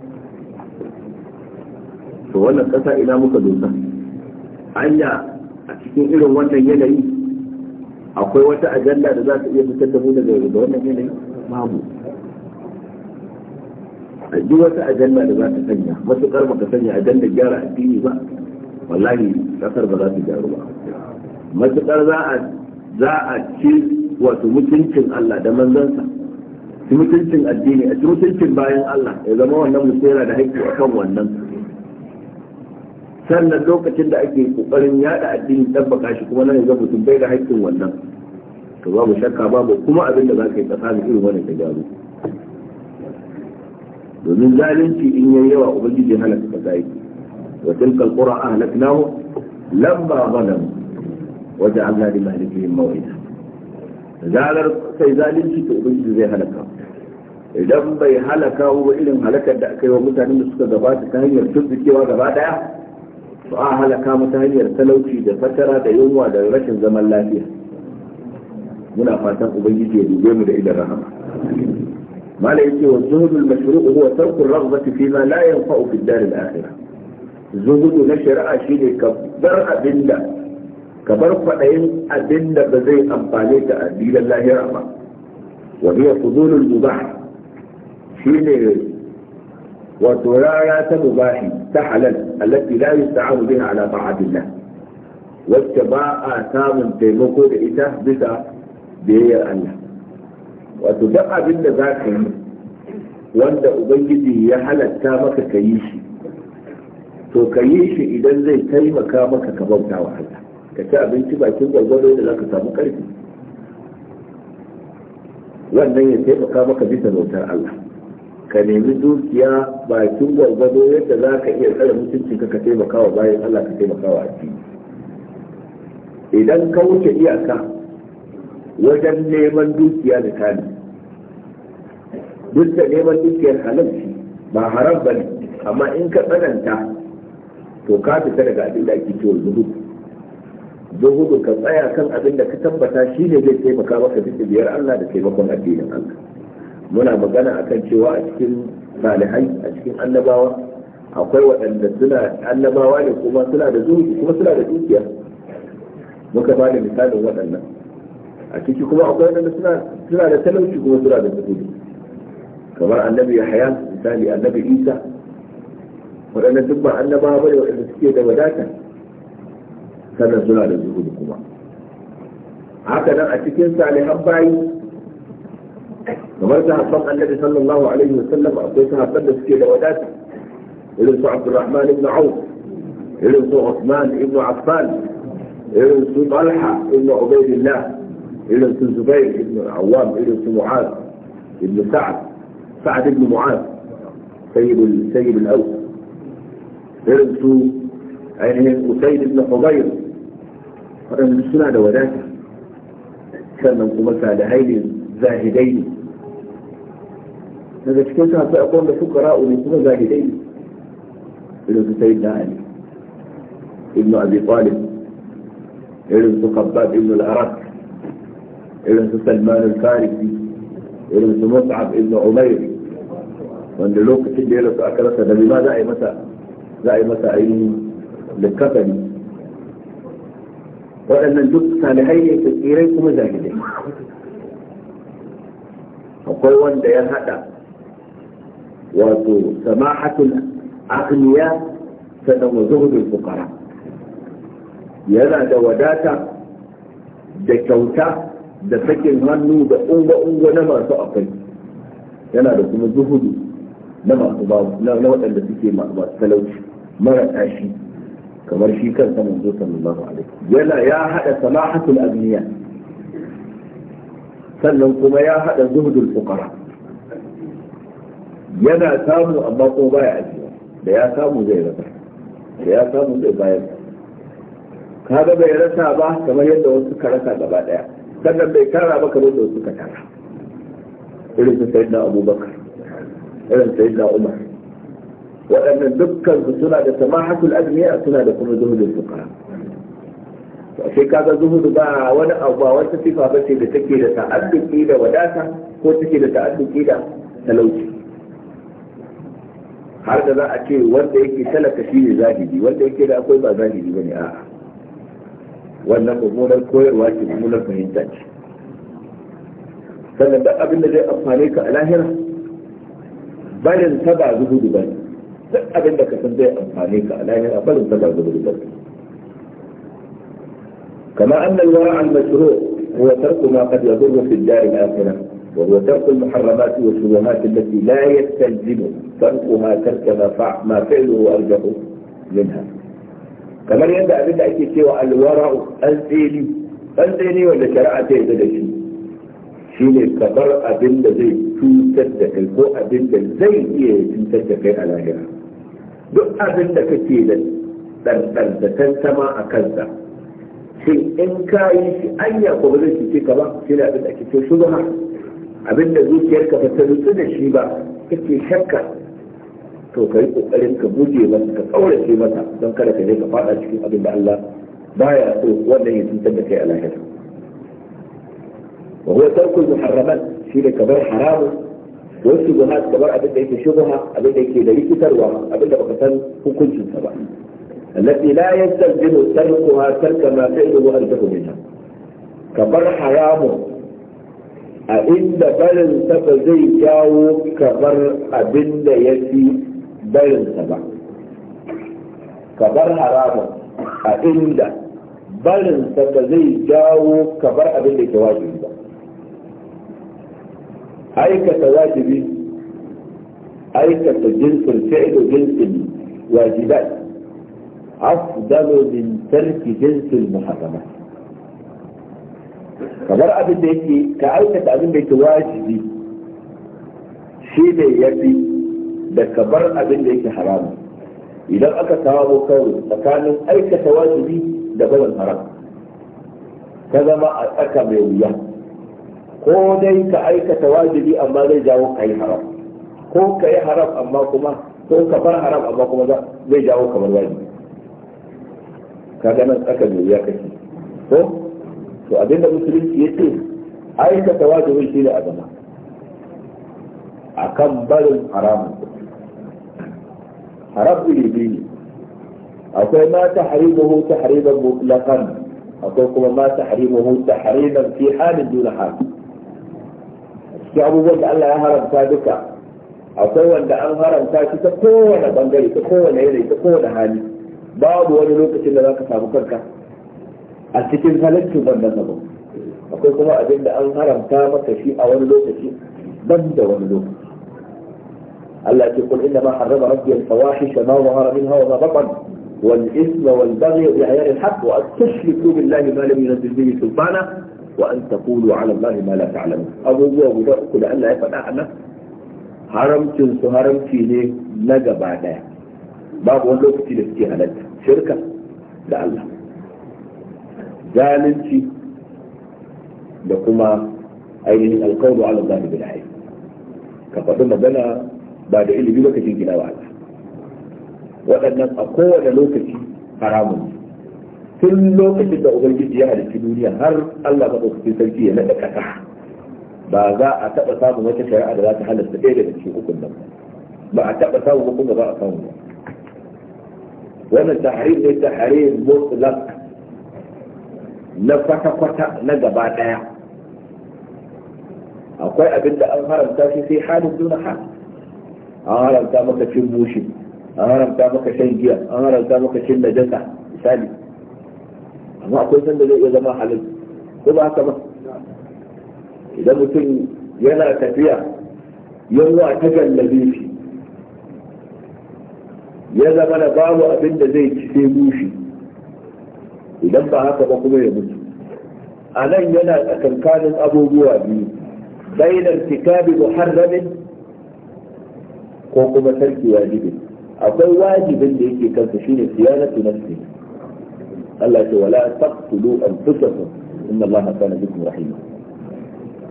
[SPEAKER 1] to wannan ƙasa ina muka dosa anya a cikin irin wannan yanayi akwai wata ajanda da za ta iya fitar da mu daga wannan yanayi babu duk wata ajanda da za ta sanya matuƙar baka sanya ajandar gyara addini ba wallahi kasar ba za ta gyaru ba matuƙar za a za a ci wato mutuncin Allah da manzansa ci mutuncin addini a ci mutuncin bayan Allah ya zama wannan musera da haƙƙi akan wannan sannan lokacin da ake kokarin yada addini tabbaka shi kuma nan yanzu mutum bai da haƙƙin wannan to babu shakka babu kuma abin da za ka yi kasa da irin wannan ta gyaru domin zalunci in yayi yawa ubangiji hana ka sai wa tilka alqura ahlaknahu lamma zalamu wa ja'alna li mahlikihim maw'ida zalar sai zalunci to ubangiji zai halaka idan bai halaka ba irin halakar da aka yi wa mutanen da suka gabata ta hanyar tuntukewa gaba daya ba a halaka mu ta hanyar talauci da fatara da yunwa da rashin zaman lafiya muna fatan ubangiji ya dube mu da idan rahama mala yake wa zuhudul mashru'u huwa tarku raghbati fi ma la yanfa'u fi dar al akhirah zuhudu na shari'a shine ka bar abinda ka bar kwadayin abinda ba zai amfane ka a dinar lahira ba wa hiya fudulul mubah shine ودرايات مباحي تحلل التي لا يستعان بها على طاعة الله والتباء آثام في مقود إتاه بدا بيه الله وتدقى بنا ذاك وانت أبيدي يحلت كامك كيشي تو كيشي إذا زي تيم كامك كبوتا وحدا كتاب انت با كنت أقول إذا لك تابو كريم وانا يتيم كامك بيسا الله ka nemi dukiya bakin gwargwado yadda za ka iya tsare mutunci ka ka taimaka wa bayan Allah ka taimaka wa addini idan ka wuce iyaka wajen neman dukiya da tani duk da neman dukiyar halarci ba haram ba ne amma in ka tsananta to ka fita daga abin da ake cewa zuhu zuhu ka tsaya kan abin da ka tabbata shi ne zai taimaka maka duk biyar Allah da taimakon addinin Allah muna magana akan cewa a cikin salihai a cikin annabawa akwai waɗanda suna annabawa ne kuma suna da zuci kuma suna da dukiya muka ba da misalin waɗannan a ciki kuma akwai waɗanda suna da talauci kuma suna da zuci kamar annabi yahya misali annabi isa waɗannan duk ba annabawa bane waɗanda suke da wadata sannan suna da zuhudu kuma haka nan a cikin salihan bayi kamar ta haɓɓan annabi sallallahu alaihi wa sallam akwai ta haɓɓan da suke da wadata irin su abdurrahman ibn auf irin su usman ibn affan irin su talha ibn ubaidillah irin su zubair ibn awwam irin su mu'az ibn sa'ad sa'ad ibn mu'az sayyid sayyid al-aws irin su ainihin usaid ibn hudayr waɗanda suna da wadata sannan kuma salihai ne zahidai ne daga cikin su sai akwai da ra'u ne kuma zage dai irin su sai da ali ibnu abi talib irin su khabbab ibnu al-arak irin su salman al-farisi irin su mus'ab ibnu umayr wanda lokacin da ya rasu aka rasa da ma za a yi masa za a yi masa ainihin likkafani waɗannan duk salihai ne tsirai kuma zahidai akwai wanda ya haɗa wato samahatul aqliya sannan wa zuhudul fuqara yana da wadata da kyauta da sakin hannu da ungo-ungo na masu akwai yana da kuma zuhudu na masu babu na waɗanda suke masu talauci mara tashi kamar shi kan saman manzo sallallahu alaihi yana ya hada salahatul agniya sannan kuma ya hada zuhudul fuqara yana samu amma ko baya ajiyewa da ya samu zai rasa da ya samu zai bayar kaga bai rasa ba kamar yadda wasu suka rasa gaba daya sannan bai tara ba kamar yadda wasu suka tara irin su na abubakar irin na umar waɗannan dukkan su suna da samahatul azmiya suna da kuma zuhudul fuqara sai kaga zuhudu ba wani abu ba wata sifa ba ce da take da ta'adduki da wadata ko take da ta'adduki da talauci har da za a ce wanda yake talaka shi ne zahiri wanda yake da akwai ba zahiri bane a wannan mummunar koyarwa ce mummunar fahimta ce sannan da abin da zai amfane ka a lahira barin ta ba zubu ba duk abin da ka san zai amfane ka a lahira barin ta ba zubu ba kama annal wara al mashru' huwa tarku ma qad yadurru fi ad-dar al-akhirah وهو ترك المحرمات والشبهات التي لا يستلزم تركها ترك ما ما فعله ارجح منها. كمان يبدا بدا سوى الورع الديني الديني ولا شرعته بدا شيء. شيء كبر ابن الذي تنتدك الكو ابن الذي تنتدك إيه على الاخره. duk abin da kake da ɗanɗan sama a kansa shi in ka yi shi anya ko ba zai cike abinda zuciyarka ba ta nutsu da shi ba kake shakka to ka yi kokarin ka buje masa ka kaurace masa don kada ka je ka fada cikin abin da Allah baya so wannan ya cutar da kai a lahira wa huwa tarkul muharramat shi ne kabar haramu wasu guhat kabar abin da yake shubha abin da yake da rikitarwa abin da baka san hukuncinsa ba التي لا يستلزم تركها ترك ما فعله أنته منها كبر حرامه a inda barinsa ba zai jawo kamar abin da ya fi barinsa ba kabar haramun a inda barinsa ba zai jawo kamar abin da ke wajibi ba aikata wajibi aikata jinsin fi'ilu jinsin wajibat afdalu min tarki jinsin muharramat kamar abin da yake ka aikata abin da yake wajibi shi ne fi da ka bar abin da yake haramu idan aka samu kawai tsakanin aikata wajibi da barin haram ka zama a tsaka mai wuya ko dai ka aikata wajibi amma zai jawo ka yi haram ko ka yi haram amma kuma ko ka bar haram amma kuma zai jawo kamar wajibi ka ganin tsaka mai wuya kake ko to abinda musulunci ya ce aikata wajibin shi a azama a kan barin haramun haram iri ne akwai ma ta harimuhu ta hariman mutlakan akwai kuma ma ta harimuhu ta hariman fi halin na hali cikin abubuwan da Allah ya haramta duka akwai wanda an haramta shi ta kowane bangare ta kowane yanayi ta kowane hali babu wani lokacin da za ka samu kanka a cikin halittu ban da ba akwai kuma abin da an haramta maka shi a wani lokaci ban da wani lokaci Allah ce kul inna ma harrama rabbi al-fawahish ma zahara minha wa ma batan wal ism wal baghy bi ghayri al-haqq wa tushriku billahi ma lam yunzil bihi sultana wa an taqulu ala allahi ma la ta'lamun abubuwa guda uku da Allah ya faɗa a nan haramcin su haramci ne na gaba daya babu wani lokaci da suke halatta shirka da Allah zalunci da kuma ainihin alƙawar ala zahi bil ayi ka faɗi magana ba da ilimi lokacin ka jingina wa waɗannan a kowane lokaci haramun tun lokacin da ubangiji ya halitta duniya har Allah maɗaukakin sarki ya naɗa ƙasa ba za a taɓa samun wata shari'a da za ta halasta ɗaya daga cikin hukun nan ba a taɓa samun hukun da za a samu ba wannan tahrim ne tahrim mutlaq na kwata-kwata na gaba ɗaya. akwai abin da an haramta shi sai halin duna hal an haramta maka cin bushi an haramta maka shan giya an haramta maka cin najasa misali amma akwai sanda zai iya zama halin ko ba haka ba idan mutum yana tafiya yawa ta gallabe shi ya zama da babu abin da zai ci sai bushi idan ba haka ba kuma ya mutu a nan yana tsakankanin abubuwa biyu bainar kitabi muharramin ko kuma sarki wajibin akwai wajibin da yake kansa shine siyanatu nafsi Allah ya wala taqtulu anfusakum inna Allaha kana bikum rahima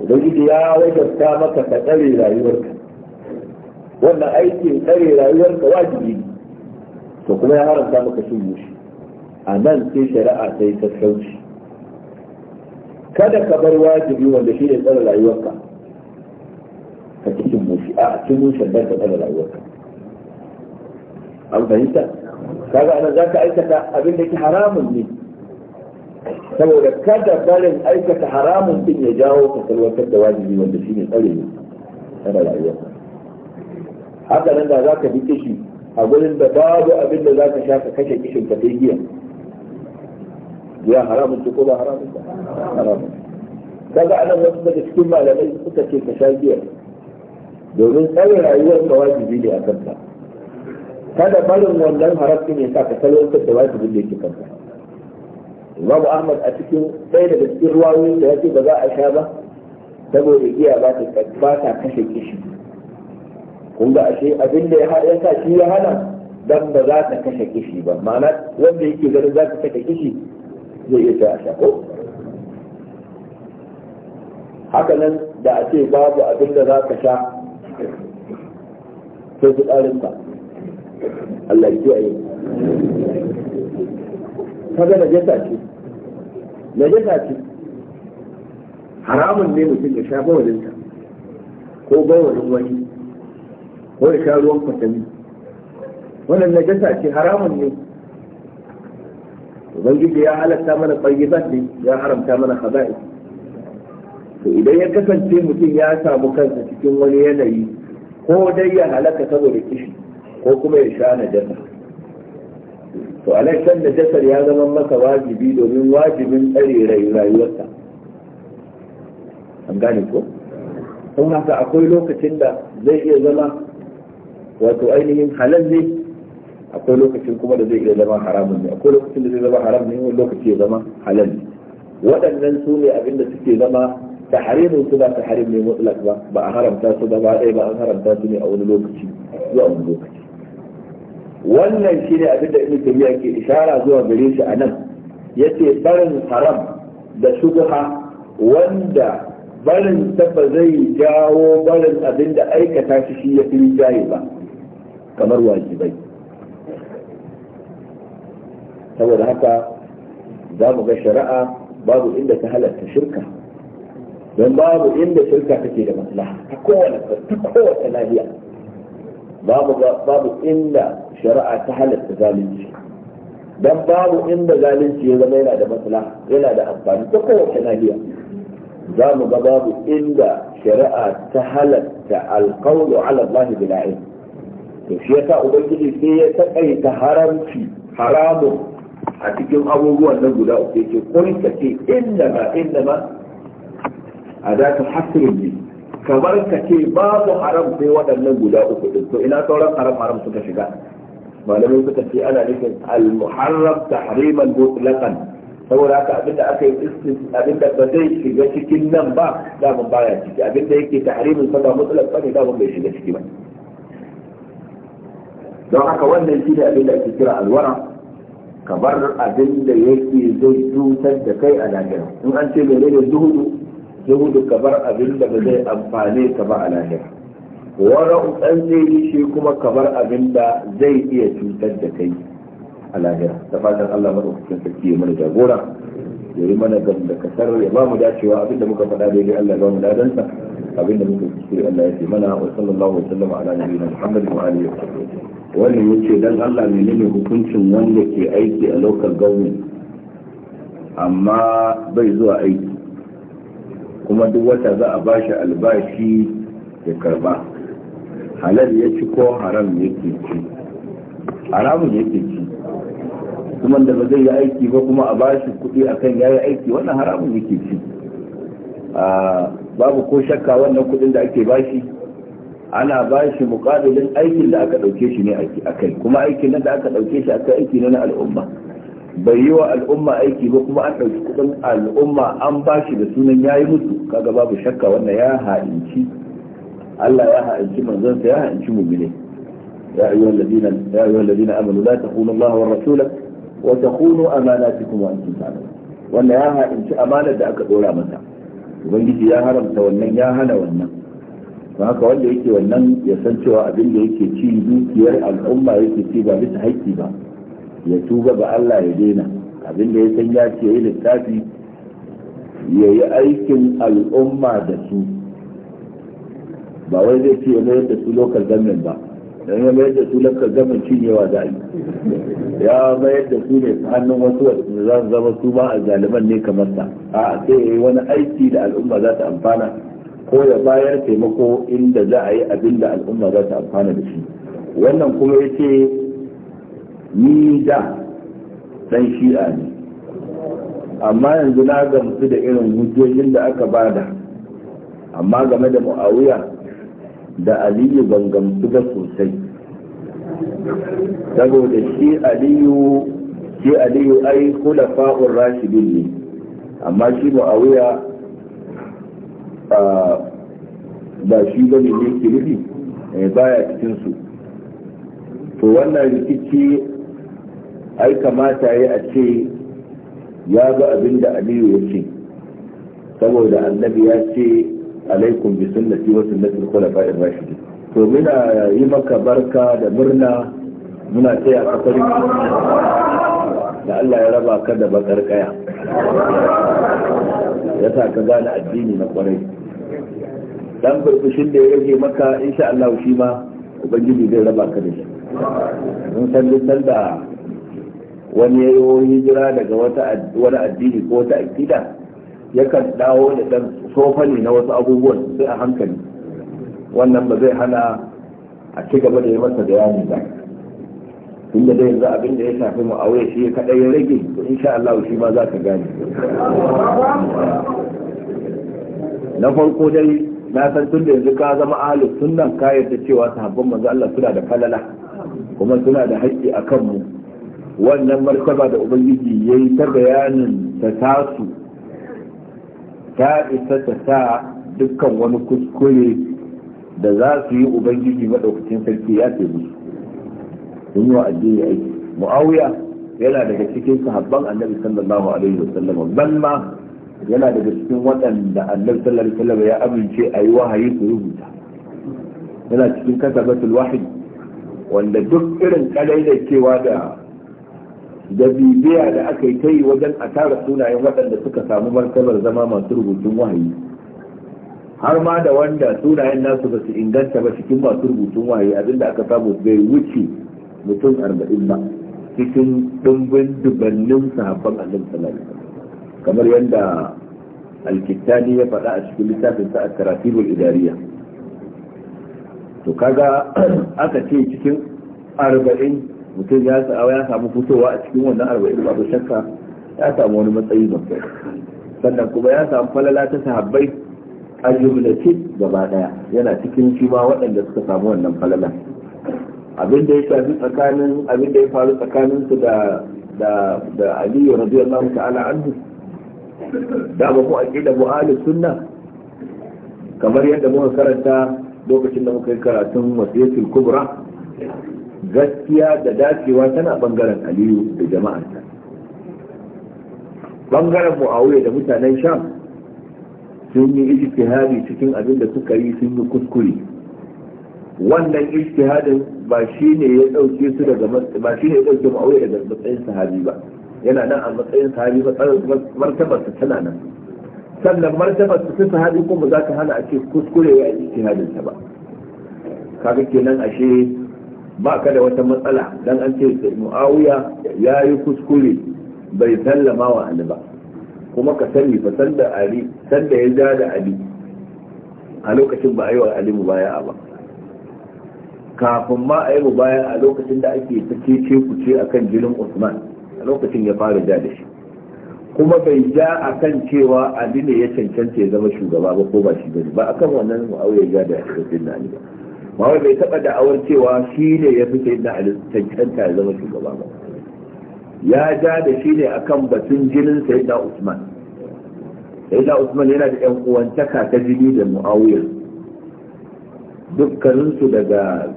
[SPEAKER 1] ubangiji ya wajabta maka ka tsare rayuwarka wannan aikin tsare rayuwarka wajibi ne to kuma ya haramta maka shin mushi a nan sai shari'a ta yi sassauci kada ka bar wajibi wanda shi ne tsara rayuwarka ka ci cin mushi a cin mushin dan ka tsara rayuwarka an fahimta kaga anan za ka aikata abin da ke haramun ne saboda kada barin aikata haramun din ya jawo ka salwatar da wajibi wanda shi ne tsare ne tsara rayuwarka haka nan da za ka bi kishi a gurin da babu abin da za ka sha ka kashe kishin ka sai giya ya haramun ce ko ba haramun ba haramun kaga anan wasu daga cikin malamai suka ce ka sha biyar? domin tsawon rayuwar ka wajibi ne a kanka kada barin wannan harafi ne sa ka salwantar da wajibin da yake kanka Imam Ahmad a cikin ɗaya daga cikin ruwayoyin da ce ba za a sha ba saboda giya ba ta ba ta kashe kishi kun ga ashe abin da ya sa shi ya hana dan ba za ta kashe kishi ba ma'ana wanda yake ganin za ta kashe kishi zai iya cewa ko haka nan da a ce babu abin da za ka sha sai su tsarinka Allah ya yi. kaga najasa ce najasa ce haramun ne mutum ya sha bawalinta ko bawalin wani ko ya sha ruwan fatami wannan najasa ce haramun ne ubangiji ya halatta mana tsayyibat ne ya haramta mana khaba'is to idan ya kasance mutum ya samu kansa cikin wani yanayi ko dai ya halaka saboda kishi ko kuma ya sha najasa to alaikan najasar ya zama masa wajibi domin wajibin tsare rayuwarsa an gane ko don haka akwai lokacin da zai iya zama wato ainihin halal ne akwai lokacin kuma da zai iya zama haramun ne akwai lokacin da zai zama haram ne wani lokaci ya zama halal ne waɗannan su ne abinda suke zama ta taharimin su ba ta taharim ne mutlak ba ba a haramta su ba ɗaya ba an haramta su ne a wani lokaci zuwa wani lokaci wannan shine abin da ibnu tabiya ke ishara zuwa gare shi a nan yace barin haram da shubha wanda barin ta zai jawo barin abinda aikata shi shi ya fi jaye ba kamar wajibai saboda haka za mu ga shari'a babu inda ta halatta shirka don babu inda shirka take da maslaha ta kowace ta kowace lafiya babu inda shari'a ta halatta zalunci don babu inda zalunci ya zama yana da maslaha yana da amfani ta kowace lahiya za mu ga babu inda shari'a ta halatta alqawlu ala Allah bila'in to shi ya sa ubangiji sai ya taƙaita haramci haramun a cikin abubuwan nan guda uku yake kun ka ce inda ba inda ba a za ta hasirin ne kamar ka ce babu haram sai waɗannan guda uku din to ina sauran haram haram suka shiga malamai suka ce ana nufin al-muharram tahriman mutlaqan saboda haka abinda aka yi abinda ba zai shiga cikin nan ba daman baya ciki abinda yake tahrimin sa ba mutlaq ba ne daman bai shiga ciki ba don haka wannan shi ne abinda ake kira alwara ka bar abin da yake zai cutar da kai a lahira in an ce mai ne zuhudu zuhudu ka bar abin da ba zai amfane ka ba a lahira wani ɗan zai shi kuma ka bar abin da zai iya cutar da kai a lahira da fatan Allah maɗaukakin sarki ya mana jagora ya yi mana gam da kasar ya ba mu dacewa abinda muka faɗa daidai Allah ya ba mu dadansa abinda muka kuskure Allah ya ce mana wa sallallahu wa sallam ala nabiyina Muhammad wa alihi wa sahbihi wannan yace dan Allah menene hukuncin wanda ke aiki a local government amma bai zuwa aiki kuma duk wata za a bashi albashi ya karba halal ya ci ko haram yake ci haramun yake ci kuma da ba zai yi aiki ba kuma a bashi kuɗi akan ya yi aiki wannan haramun yake ci babu ko shakka wannan kuɗin da ake bashi ana bashi muƙabilin aikin da aka ɗauke shi ne a kai kuma aikin nan da aka ɗauke shi akai aiki na al'umma bai yi wa al'umma aiki ba kuma an ɗauki kuɗin al'umma an bashi da sunan ya yi mutu kaga babu shakka wannan ya ha'inci Allah ya ha'inci manzansa ya ha'inci mu ya ayyuhal ladina ya ayyuhal ladina amanu la taqulu Allah wa rasulahu wa takunu amanatikum wa antum ta'lamun wanda ya ha'inci amanar da aka ɗora masa ubangiji ya haramta wannan ya hana wannan Ba haka wanda yake wannan ya san cewa abin da yake ci dukiyar al'umma yake ci ba bisa haƙƙi ba ya tuba ga Allah ya daina abin da ya san ya ce yi littafi ya yi aikin al'umma da su ba wai zai ce ya mayar da su lokal government ba don ya mayar da su lakar gamin cinyewa da a ya mayar da su ne hannun wasu wasu za su zama su ba a zaliman ne kamar sa a sai ya yi wani aiki da al'umma za ta amfana ko ya bayar taimako inda za a yi abin da al'umma za ta amfana da shi wannan kuma ya ce ni da dan shi'a ne amma yanzu na gamsu da irin hujjojin da aka bada amma game da mu'awiya da aliyu ban gamsu ba sosai saboda shi aliyu shi aliyu ai kula fa'un rashidin ne amma shi mu'awiya ba shi ba ne ne baya cikinsu to wannan rikici ai kamata ya a ce ya ga abin aliyu ya ce saboda annabi ya ce alaikum bi sunnati wa sunnati al ar rashidin to muna yi maka barka da murna muna taya ka farin da Allah ya raba ka da bakar ya sa ka gane addini na kwarai dan burbushin da ya rage maka insha Allah shi ma ubangiji zai raba ka da shi mun san dukkan da wani yayi hijira daga wani addini ko wata akida yakan dawo da dan tofani na wasu abubuwan sai a hankali wannan ba zai hana a ci gaba da yi masa bayani ba inda dai yanzu abin da ya shafi mu aure shi kaɗai ya rage to insha Allah shi ma za ka gane na farko dai na san tun da yanzu ka zama ahlus sunnan ka yarda cewa sahabban manzo Allah suna da falala kuma suna da haƙƙi akan mu wannan martaba da ubangiji yayi ta bayanin ta tasu ta isa ta sa dukkan wani kuskure da za su yi ubangiji maɗaukacin sarki ya ce musu sun yi wa addini aiki mu'awiya yana daga cikin sahabban annabi sallallahu alaihi wasallam ban ma yana daga cikin waɗanda annabi sallallahu alaihi ya amince a yi wahayi su rubuta yana cikin kasabatul wahid wanda duk irin kadai da cewa da da bibiya da aka yi ta yi wajen a tara sunayen waɗanda suka samu martabar zama masu rubutun wahayi har ma da wanda sunayen nasu ba su inganta ba cikin masu rubutun wahayi abinda aka samu bai wuce mutum arba'in ba cikin ɗumbin dubannin sahabban annabi sallallahu kamar yadda alkittani ya faɗa a cikin littafin sa karatibul idariya to kaga *clears throat* aka ce cikin arba'in mutum ya ya samu fitowa a cikin wannan arba'in babu shakka ya samu wani matsayi babbai sannan kuma ya samu falala ta sahabbai a jumlace gaba daya yana cikin shi ma waɗanda suka samu wannan falala abin da ya shafi tsakanin abin da ya faru tsakanin su da da da Aliyu radiyallahu ta'ala anhu da ba mu aqida sunna kamar yadda muka karanta lokacin da muka yi karatun wasiyatul kubra gaskiya da dacewa tana bangaren aliyu da jama'arsa bangaren muawiya da mutanen sham sun yi ijtihadi cikin abin da suka yi sun yi kuskure wannan ijtihadin ba shine ya dauke su daga ba shine ya dauke muawiya daga matsayin sahabi ba yana nan a matsayin sahabi ba martabarsa tana nan sannan martabarsa ta sahabi kuma za ka hana a ce kuskure ya ijtihadin sa ba kaga kenan ashe ba ka da wata matsala dan an ce muawiya ya yi kuskure bai sallama wa ali ba kuma ka sani fa sanda ali sanda ya ja da ali a lokacin ba a yi wa ali baya ba kafin ma a yi mubaya a lokacin da ake ta cece ku ce akan jinin usman a lokacin ya fara ja da shi kuma bai ja a kan cewa ali ne ya cancanta ya zama shugaba ba ko ba shi bane ba akan wannan mu'awiya ja da shi da ali ba ba wai bai taɓa da'awar cewa shi ne ya fi sayyidina ali cancanta ya zama shugaba ba ya ja da shi ne akan batun jinin sayyidina usman sayyidina usman yana da yan uwantaka ta jini da muawiya dukkaninsu daga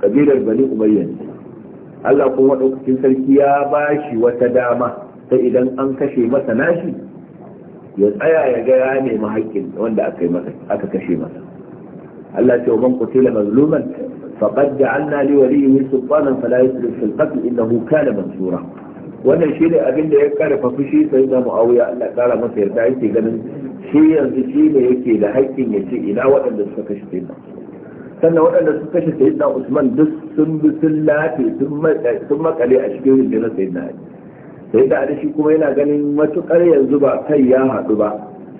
[SPEAKER 1] kabilar bani umayya Allah kuma ɗaukakin sarki ya ba shi wata dama sai idan an kashe masa nashi ya tsaya ya gaya ya nemi wanda aka kashe masa Allah ce wa man qutila mazluman faqad ja'alna li waliyyi sultanan fala yusrif fil qatl innahu kana mansura wannan shi ne abin da ya karfa fushi sai da muawiya Allah kara masa yarda yake ganin shi yanzu shi ne yake da haƙƙin ya ce ina waɗanda suka kashe sayyidina sannan waɗanda suka kashe sayyidina Usman duk sun bi sun lafe sun makale a cikin rundunar sayyidina Ali sayyidina Ali shi kuma yana ganin matukar yanzu ba kai ya haɗu ba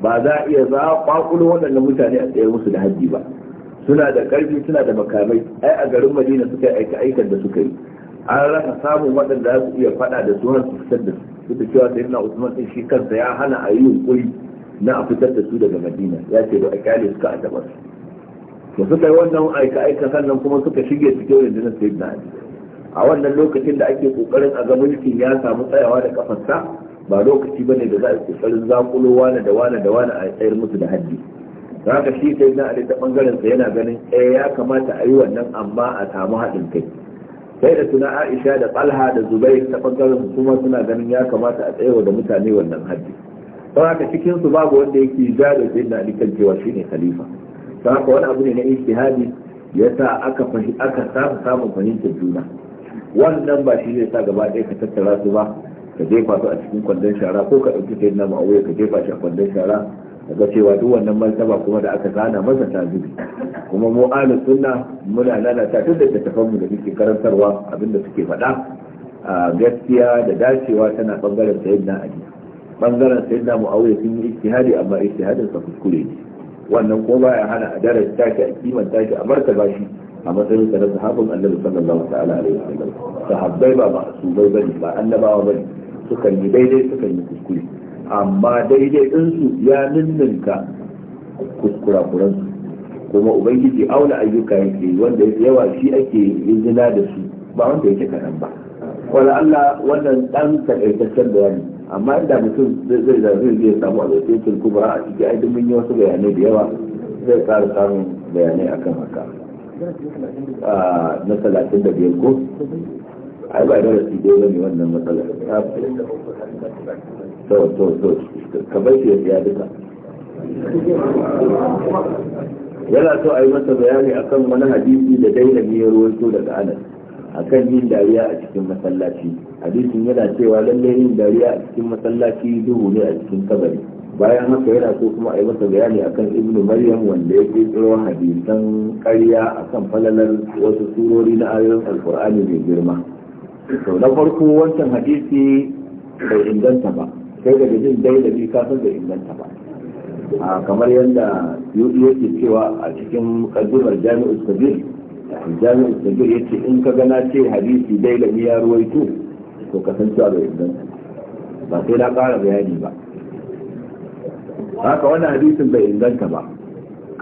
[SPEAKER 1] ba za a iya za a kwakulo mutane a tsaye musu da hajji ba suna da ƙarfi suna da makamai ai a garin madina suka aika aikan da suka yi an rasa samun waɗanda za su iya faɗa da su su fitar da su da cewa sai na usman din shi kansa ya hana a yi yunkuri na a fitar da su daga madina ya ce ba a kyale suka a su to suka yi wannan aika aika sannan kuma suka shige cikin rundunar sayyidina ali a wannan lokacin da ake kokarin a ga mulkin ya samu tsayawa da kafarsa ba lokaci bane da za a kokarin zakulo wane da wane da wane a tsayar musu da haddi za ka shi sai na ali ta bangaren sa yana ganin eh ya kamata a yi wannan amma a samu haɗin kai sai da suna aisha da talha da zubair ta bangaren su ma suna ganin ya kamata a tsayawa da mutane wannan haddi don haka cikin su babu wanda yake ja da sai na ali kan cewa shine khalifa don haka wani abu ne na ijtihadi yasa aka fahi aka samu samun fahimtar juna wannan ba shi zai sa gaba ɗaya ka tattara su ba ka jefa su a cikin kwandon shara ko ka ɗauki sai na ma'auya ka jefa shi a kwandon shara daga cewa duk wannan martaba kuma da aka zana masa ta zubi kuma mu ala sunna muna lalata tun da da muke karantarwa abinda suke faɗa a gaskiya da dacewa tana bangaren sayyidina ali bangaren sayyidina muawiya sun yi ijtihadi amma ijtihadin sa kuskure ne wannan ko baya hana a darasa taki a ta shi a martaba shi a matsayin sa na sahabban annabi sallallahu ta'ala alaihi wasallam sahabbai ba ba su bai bane ba annabawa bane sukan yi daidai sukan yi kuskure amma daidai ɗinsu ya ninninka kuskurakuransu kuma ubangiji auna ayyuka yake wanda yawa shi ake izina da su ba wanda yake kaɗan ba wala Allah wannan ɗan takaitaccen bayani amma inda mutum zai zai zai samu alwasiyatul kubra a cikin aidin mun yi wasu bayanai da yawa zai tsara samun bayanai akan haka na talatin da biyar ko ai ba darasi dole ne wannan matsalar to to ka ya tsaya duka yana so a yi masa bayani akan wani hadisi da daina ya ruwaito daga anas akan yin dariya a cikin masallaci hadisin yana cewa lallai yin dariya a cikin masallaci duhu ne a cikin kabari bayan haka yana so kuma a yi masa bayani akan Ibn maryam wanda ya tsoro hadisan ƙarya akan falalar wasu surori na ayoyin alkur'ani mai girma Sau na farko wancan hadisi bai inganta ba kai daga jin daidabi ka san da inganta ba a kamar yadda yuɗi yake cewa a cikin kaddimar jami'u kabir jami'u kabir yace in ka gana ce hadisi daidabi ya ruwaito to ka san cewa da inganta ba sai na ƙara bayani ba haka wannan hadisin bai inganta ba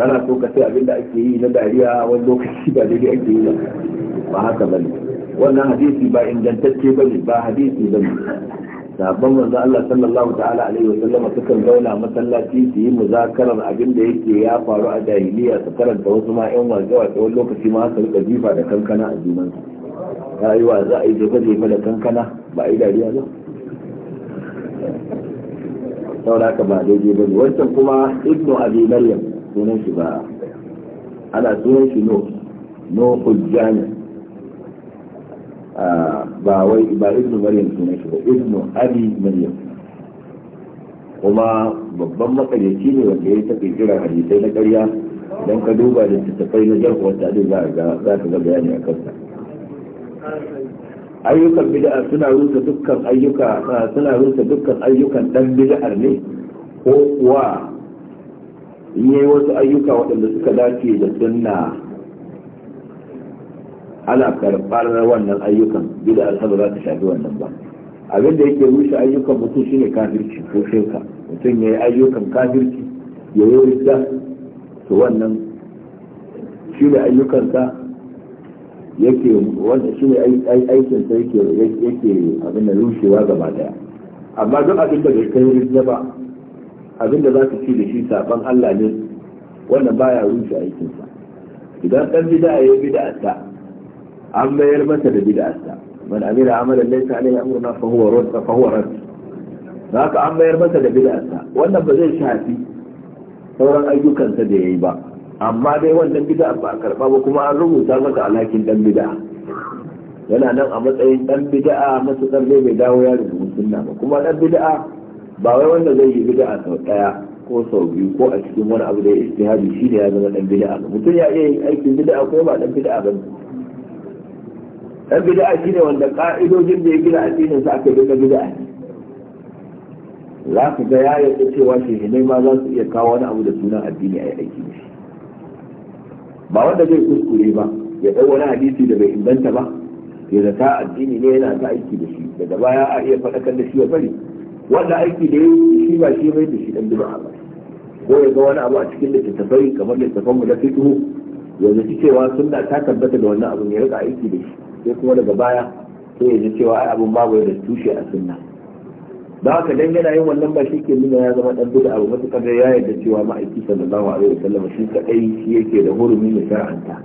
[SPEAKER 1] kana so ka sai abin da ake yi na dariya wani lokaci ba daidai ake yi ba haka bane wannan hadisi ba ingantacce bane ba hadisi bane sabon manzo Allah sallallahu ta'ala alaihi wasallam sukan zauna masallaci su yi muzakarar abin da yake ya faru a jahiliya su karanta wasu ma yan wajewa tsawon lokaci ma su rika jifa da kankana a junan su rayuwa za a yi jefa jefa da kankana ba a yi dariya ba saboda haka ba daidai ba ne wancan kuma ibnu abi maryam sunan shi ba ana sunan shi no no hujjani ba wai ba ibnu maryam sunan shi ba ibnu abi maryam kuma babban makaryaci ne wanda ya tafi jira hadisai na ƙarya idan ka duba da tattafai na jarhuwar tare za ka ga bayani a kansa ayyukan bid'a suna rusa dukkan ayyuka ah, suna rusa dukkan ayyukan dan bid'ar ne ko kuwa in yayi wasu ayyuka waɗanda suka dace da sunna ana karɓar wannan ayyukan bida alhaza za ta shafi wannan ba abin da yake rushe ayyukan mutum shine kafirci ko shirka mutum ya yi ayyukan kafirci ya yi rida to wannan shi ne ayyukansa yake wannan shi ne aikinsa yake yake abin da rushewa gaba daya amma duk abin da bai kai rida ba abin da za ka ci da shi saban Allah ne wannan baya rushe aikinsa idan ɗan bida ya bida ta an mayar masa da bid'arsa man amira amalan laysa alayhi amruna fa huwa rudd fa huwa rudd haka an mayar masa da bid'arsa wannan ba zai shafi sauran ayyukan sa da yayi ba amma dai wannan bid'a ba karba ba kuma an rubuta maka alhakin dan bid'a yana nan a matsayin dan bid'a matuƙar dai bai dawo ya rubuta sunna ba kuma dan bid'a ba wai wanda zai yi bid'a sau daya ko sau biyu ko a cikin wani abu da ya istihadi shi ne ya zama dan bid'a mutum ya iya yin aikin bid'a ko ba dan bid'a ba dan bid'a shine wanda ka'idojin da ya gina addinin sa aka duka bid'a za ku ga ya yarda cewa ne ma za su iya kawo wani abu da sunan addini a yi aiki da shi ba wanda zai kuskure ba ya ɗau wani hadisi da bai inganta ba ya zata addini ne yana ta aiki da shi daga baya a iya faɗakar da shi ya bari wanda aiki da ya shi ba shi bai da shi dan bid'a ba ko ya ga wani abu a cikin littattafai kamar littattafan mu da fiqh ya zaci cewa sunna ta tabbata da wannan abu ya rika aiki da shi sai kuma daga baya sai ya ji cewa ai abun babu da tushe a sunna da haka dan yana yin wannan ba shi ke nuna ya zama dan bid'a abu mutaka da ya yarda cewa ma'aiki sallallahu alaihi wasallam shi kadai shi yake da hurumi ne shar'anta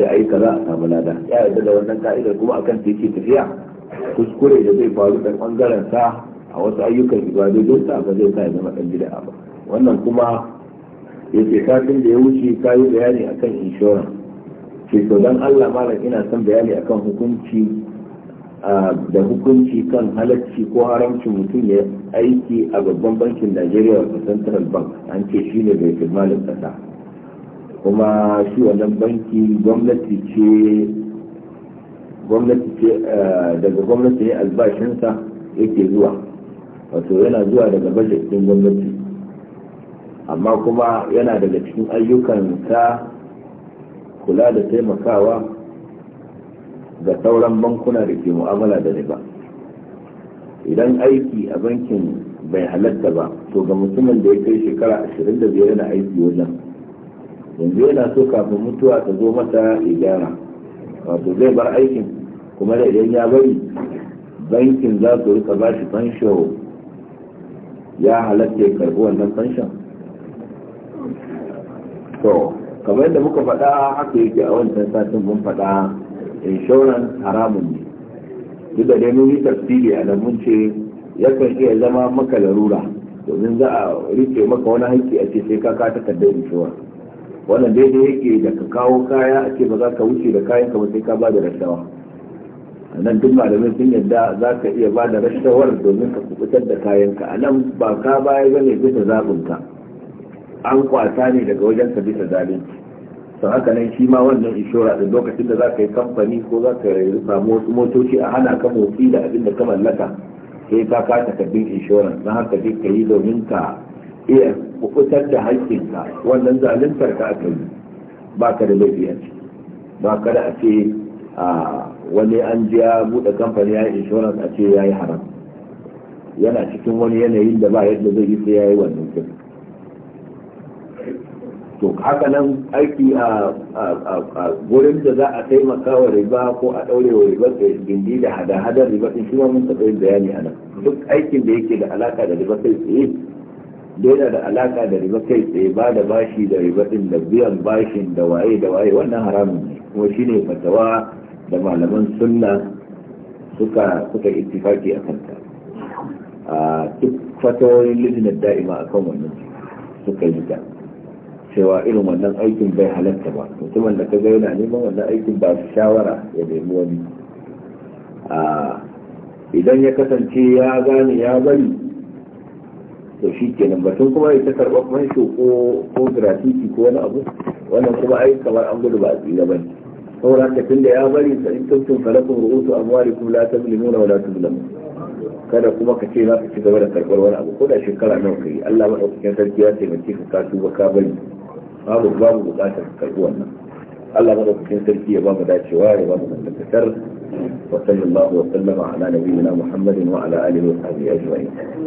[SPEAKER 1] sai ai kaza a samu lada ya yarda da wannan ka'idar kuma akan ta yake tafiya kuskure da zai faru dan bangaren sa a wasu ayyukan ibadodin sa ba zai sa ya zama dan bid'a ba wannan kuma yake kafin da ya wuce kayi bayani akan insurance ke to don Allah malam ina son bayani akan hukunci da hukunci kan halarci ko haramcin mutum ya aiki a babban bankin Najeriya wato Central Bank an ce shi ne bai malin kasa kuma shi wannan banki gwamnati ce gwamnati ce daga gwamnati ne albashinsa yake zuwa wato yana zuwa daga bajet din gwamnati amma kuma yana daga cikin ayyukan ta. kula da taimakawa ga sauran bankuna da ke mu'amala da riba idan aiki a bankin bai halatta ba to ga mutumin da ya kai shekara ashirin da biyar yana aiki wajen yanzu yana so kafin mutuwa ta zo mata ya gyara wato zai bar aikin kuma da idan ya bari bankin za su rika ba shi fansho ya halatta ya karbi wannan fanshon kamar yadda muka faɗa haka yake a wancan satin mun faɗa insurance haramun ne duk da dai mun yi tafsiri a nan mun ce yakan iya zama maka larura domin za a rike maka wani haƙƙi a ce sai ka ka takardar insurance wannan daidai yake da ka kawo kaya a ce ba za ka wuce da kayan ka ba sai ka ba da rashawa a nan duk malamin sun yadda za ka iya ba da rashawar domin ka kubutar da kayan ka a nan ba ka baya ba ne bisa zaɓin ka an kwasa ne daga wajen ka bisa zalunci don haka nan shi ma wannan inshora da lokacin da za ka yi kamfani ko za ka samu wasu motoci a hana ka motsi da abin da ka mallaka sai ka ka bin inshoran na haka dai ka yi domin ka iya kufutar da haƙƙinka wannan zaluntar ka aka yi ba ka da laifi a ciki ba ka da a ce wani an je buɗe kamfani ya yi inshora a ce ya yi haram yana cikin wani yanayin da ba yadda zai yi sai ya yi wannan kuma to haka nan aiki a gurin da za a taimaka wa riba ko a daure wa riba gindi da hada-hadar riba din shi ma mun taɓa bayani a nan duk aikin da yake da alaka da riba kai tsaye yana da alaka da riba kai tsaye ba da bashi da riba din da biyan bashin da waye da waye wannan haramun ne kuma shi ne fatawa da malaman sunna suka suka ittifaki a kanta a duk fatawoyin lijinar da'ima kan wannan suka yi ta cewa irin wannan aikin bai halatta ba mutumin da ka ga yana neman wannan aikin ba su shawara ya nemi wani idan ya kasance ya gane ya bari to shi kenan batun kuma ya ta karɓar manshi ko ko gratuity ko wani abu wannan kuma ai kamar an gudu ba a tsira ba saboda haka tun da ya bari sa in kuntum falakum ru'usu kuma la tazlimuna wa la tuzlamun kada kuma ka ce za ka ci gaba da karɓar wani abu ko da shekara nawa kai Allah madaukakin sarki ya taimake ka ka tuba ka bari babu babu bukatar karbi wannan Allah ba madaukakin sarki ya ba mu dacewa ya ba mu dangantakar
[SPEAKER 2] wa sallallahu wa sallama ala nabiyyina Muhammadin wa ala alihi wa sahbihi ajma'in